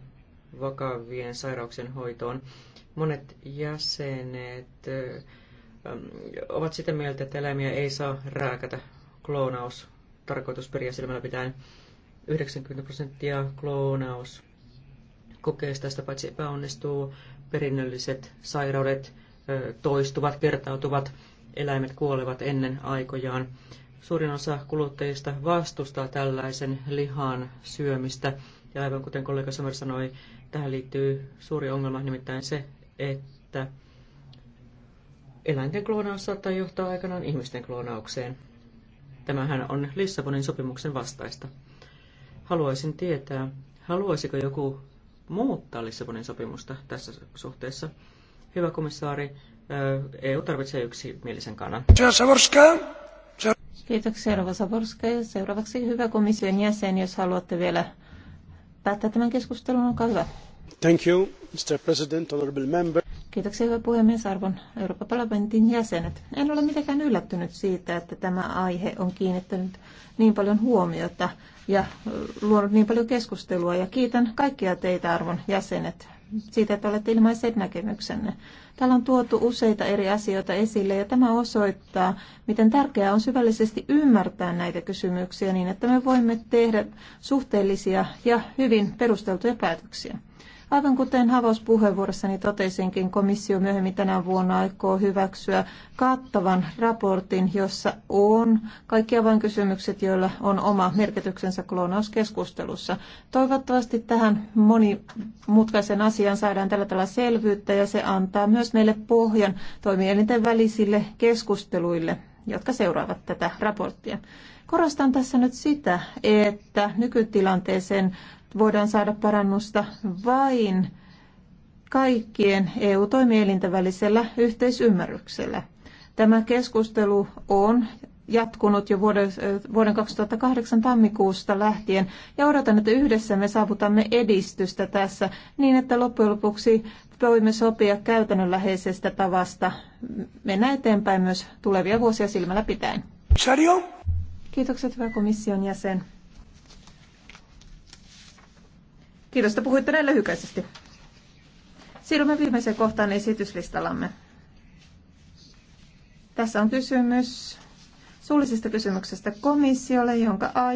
vakavien sairauksien hoitoon. Monet jäsenet ähm, ovat sitä mieltä, että eläimiä ei saa rääkätä kloonaus tarkoitusperiä silmällä pitäen. 90 prosenttia kloonaus kokeista, sitä paitsi epäonnistuu, perinnölliset sairaudet toistuvat, kertautuvat, eläimet kuolevat ennen aikojaan. Suurin osa kuluttajista vastustaa tällaisen lihan syömistä. Ja aivan kuten kollega Sommer sanoi, tähän liittyy suuri ongelma, nimittäin se, että eläinten kloonaus saattaa johtaa aikanaan ihmisten kloonaukseen. Tämähän on Lissabonin sopimuksen vastaista. Haluaisin tietää, haluaisiko joku muuttaa Lissabonin sopimusta tässä suhteessa? Hyvä komissaari, EU tarvitsee yksimielisen kannan. Savorska. Kiitoksia, Rova Saborska. Ja seuraavaksi hyvä komission jäsen, jos haluatte vielä päättää tämän keskustelun, olkaa hyvä. Thank you, Mr. President, honorable member. Kiitoksia, hyvä puhemies, arvon Euroopan parlamentin jäsenet. En ole mitenkään yllättynyt siitä, että tämä aihe on kiinnittänyt niin paljon huomiota ja luonut niin paljon keskustelua. Ja kiitän kaikkia teitä, arvon jäsenet, siitä, että olette ilmaisseet näkemyksenne. Täällä on tuotu useita eri asioita esille ja tämä osoittaa, miten tärkeää on syvällisesti ymmärtää näitä kysymyksiä niin, että me voimme tehdä suhteellisia ja hyvin perusteltuja päätöksiä. Aivan kuten Havos puheenvuorossani totesinkin, komissio myöhemmin tänä vuonna aikoo hyväksyä kattavan raportin, jossa on kaikki avainkysymykset, joilla on oma merkityksensä kloonauskeskustelussa. Toivottavasti tähän monimutkaisen asian saadaan tällä tavalla selvyyttä ja se antaa myös meille pohjan toimielinten välisille keskusteluille jotka seuraavat tätä raporttia. Korostan tässä nyt sitä, että nykytilanteeseen voidaan saada parannusta vain kaikkien eu toimielintä välisellä yhteisymmärryksellä. Tämä keskustelu on jatkunut jo vuoden, vuoden 2008 tammikuusta lähtien ja odotan, että yhdessä me saavutamme edistystä tässä niin, että loppujen lopuksi voimme sopia käytännönläheisestä tavasta mennä eteenpäin myös tulevia vuosia silmällä pitäen. Kiitokset hyvä komission jäsen. Kiitos, että puhuitte näin lyhykäisesti. Siirrymme viimeiseen kohtaan esityslistallamme. Tässä on kysymys suullisesta kysymyksestä komissiolle, jonka ai.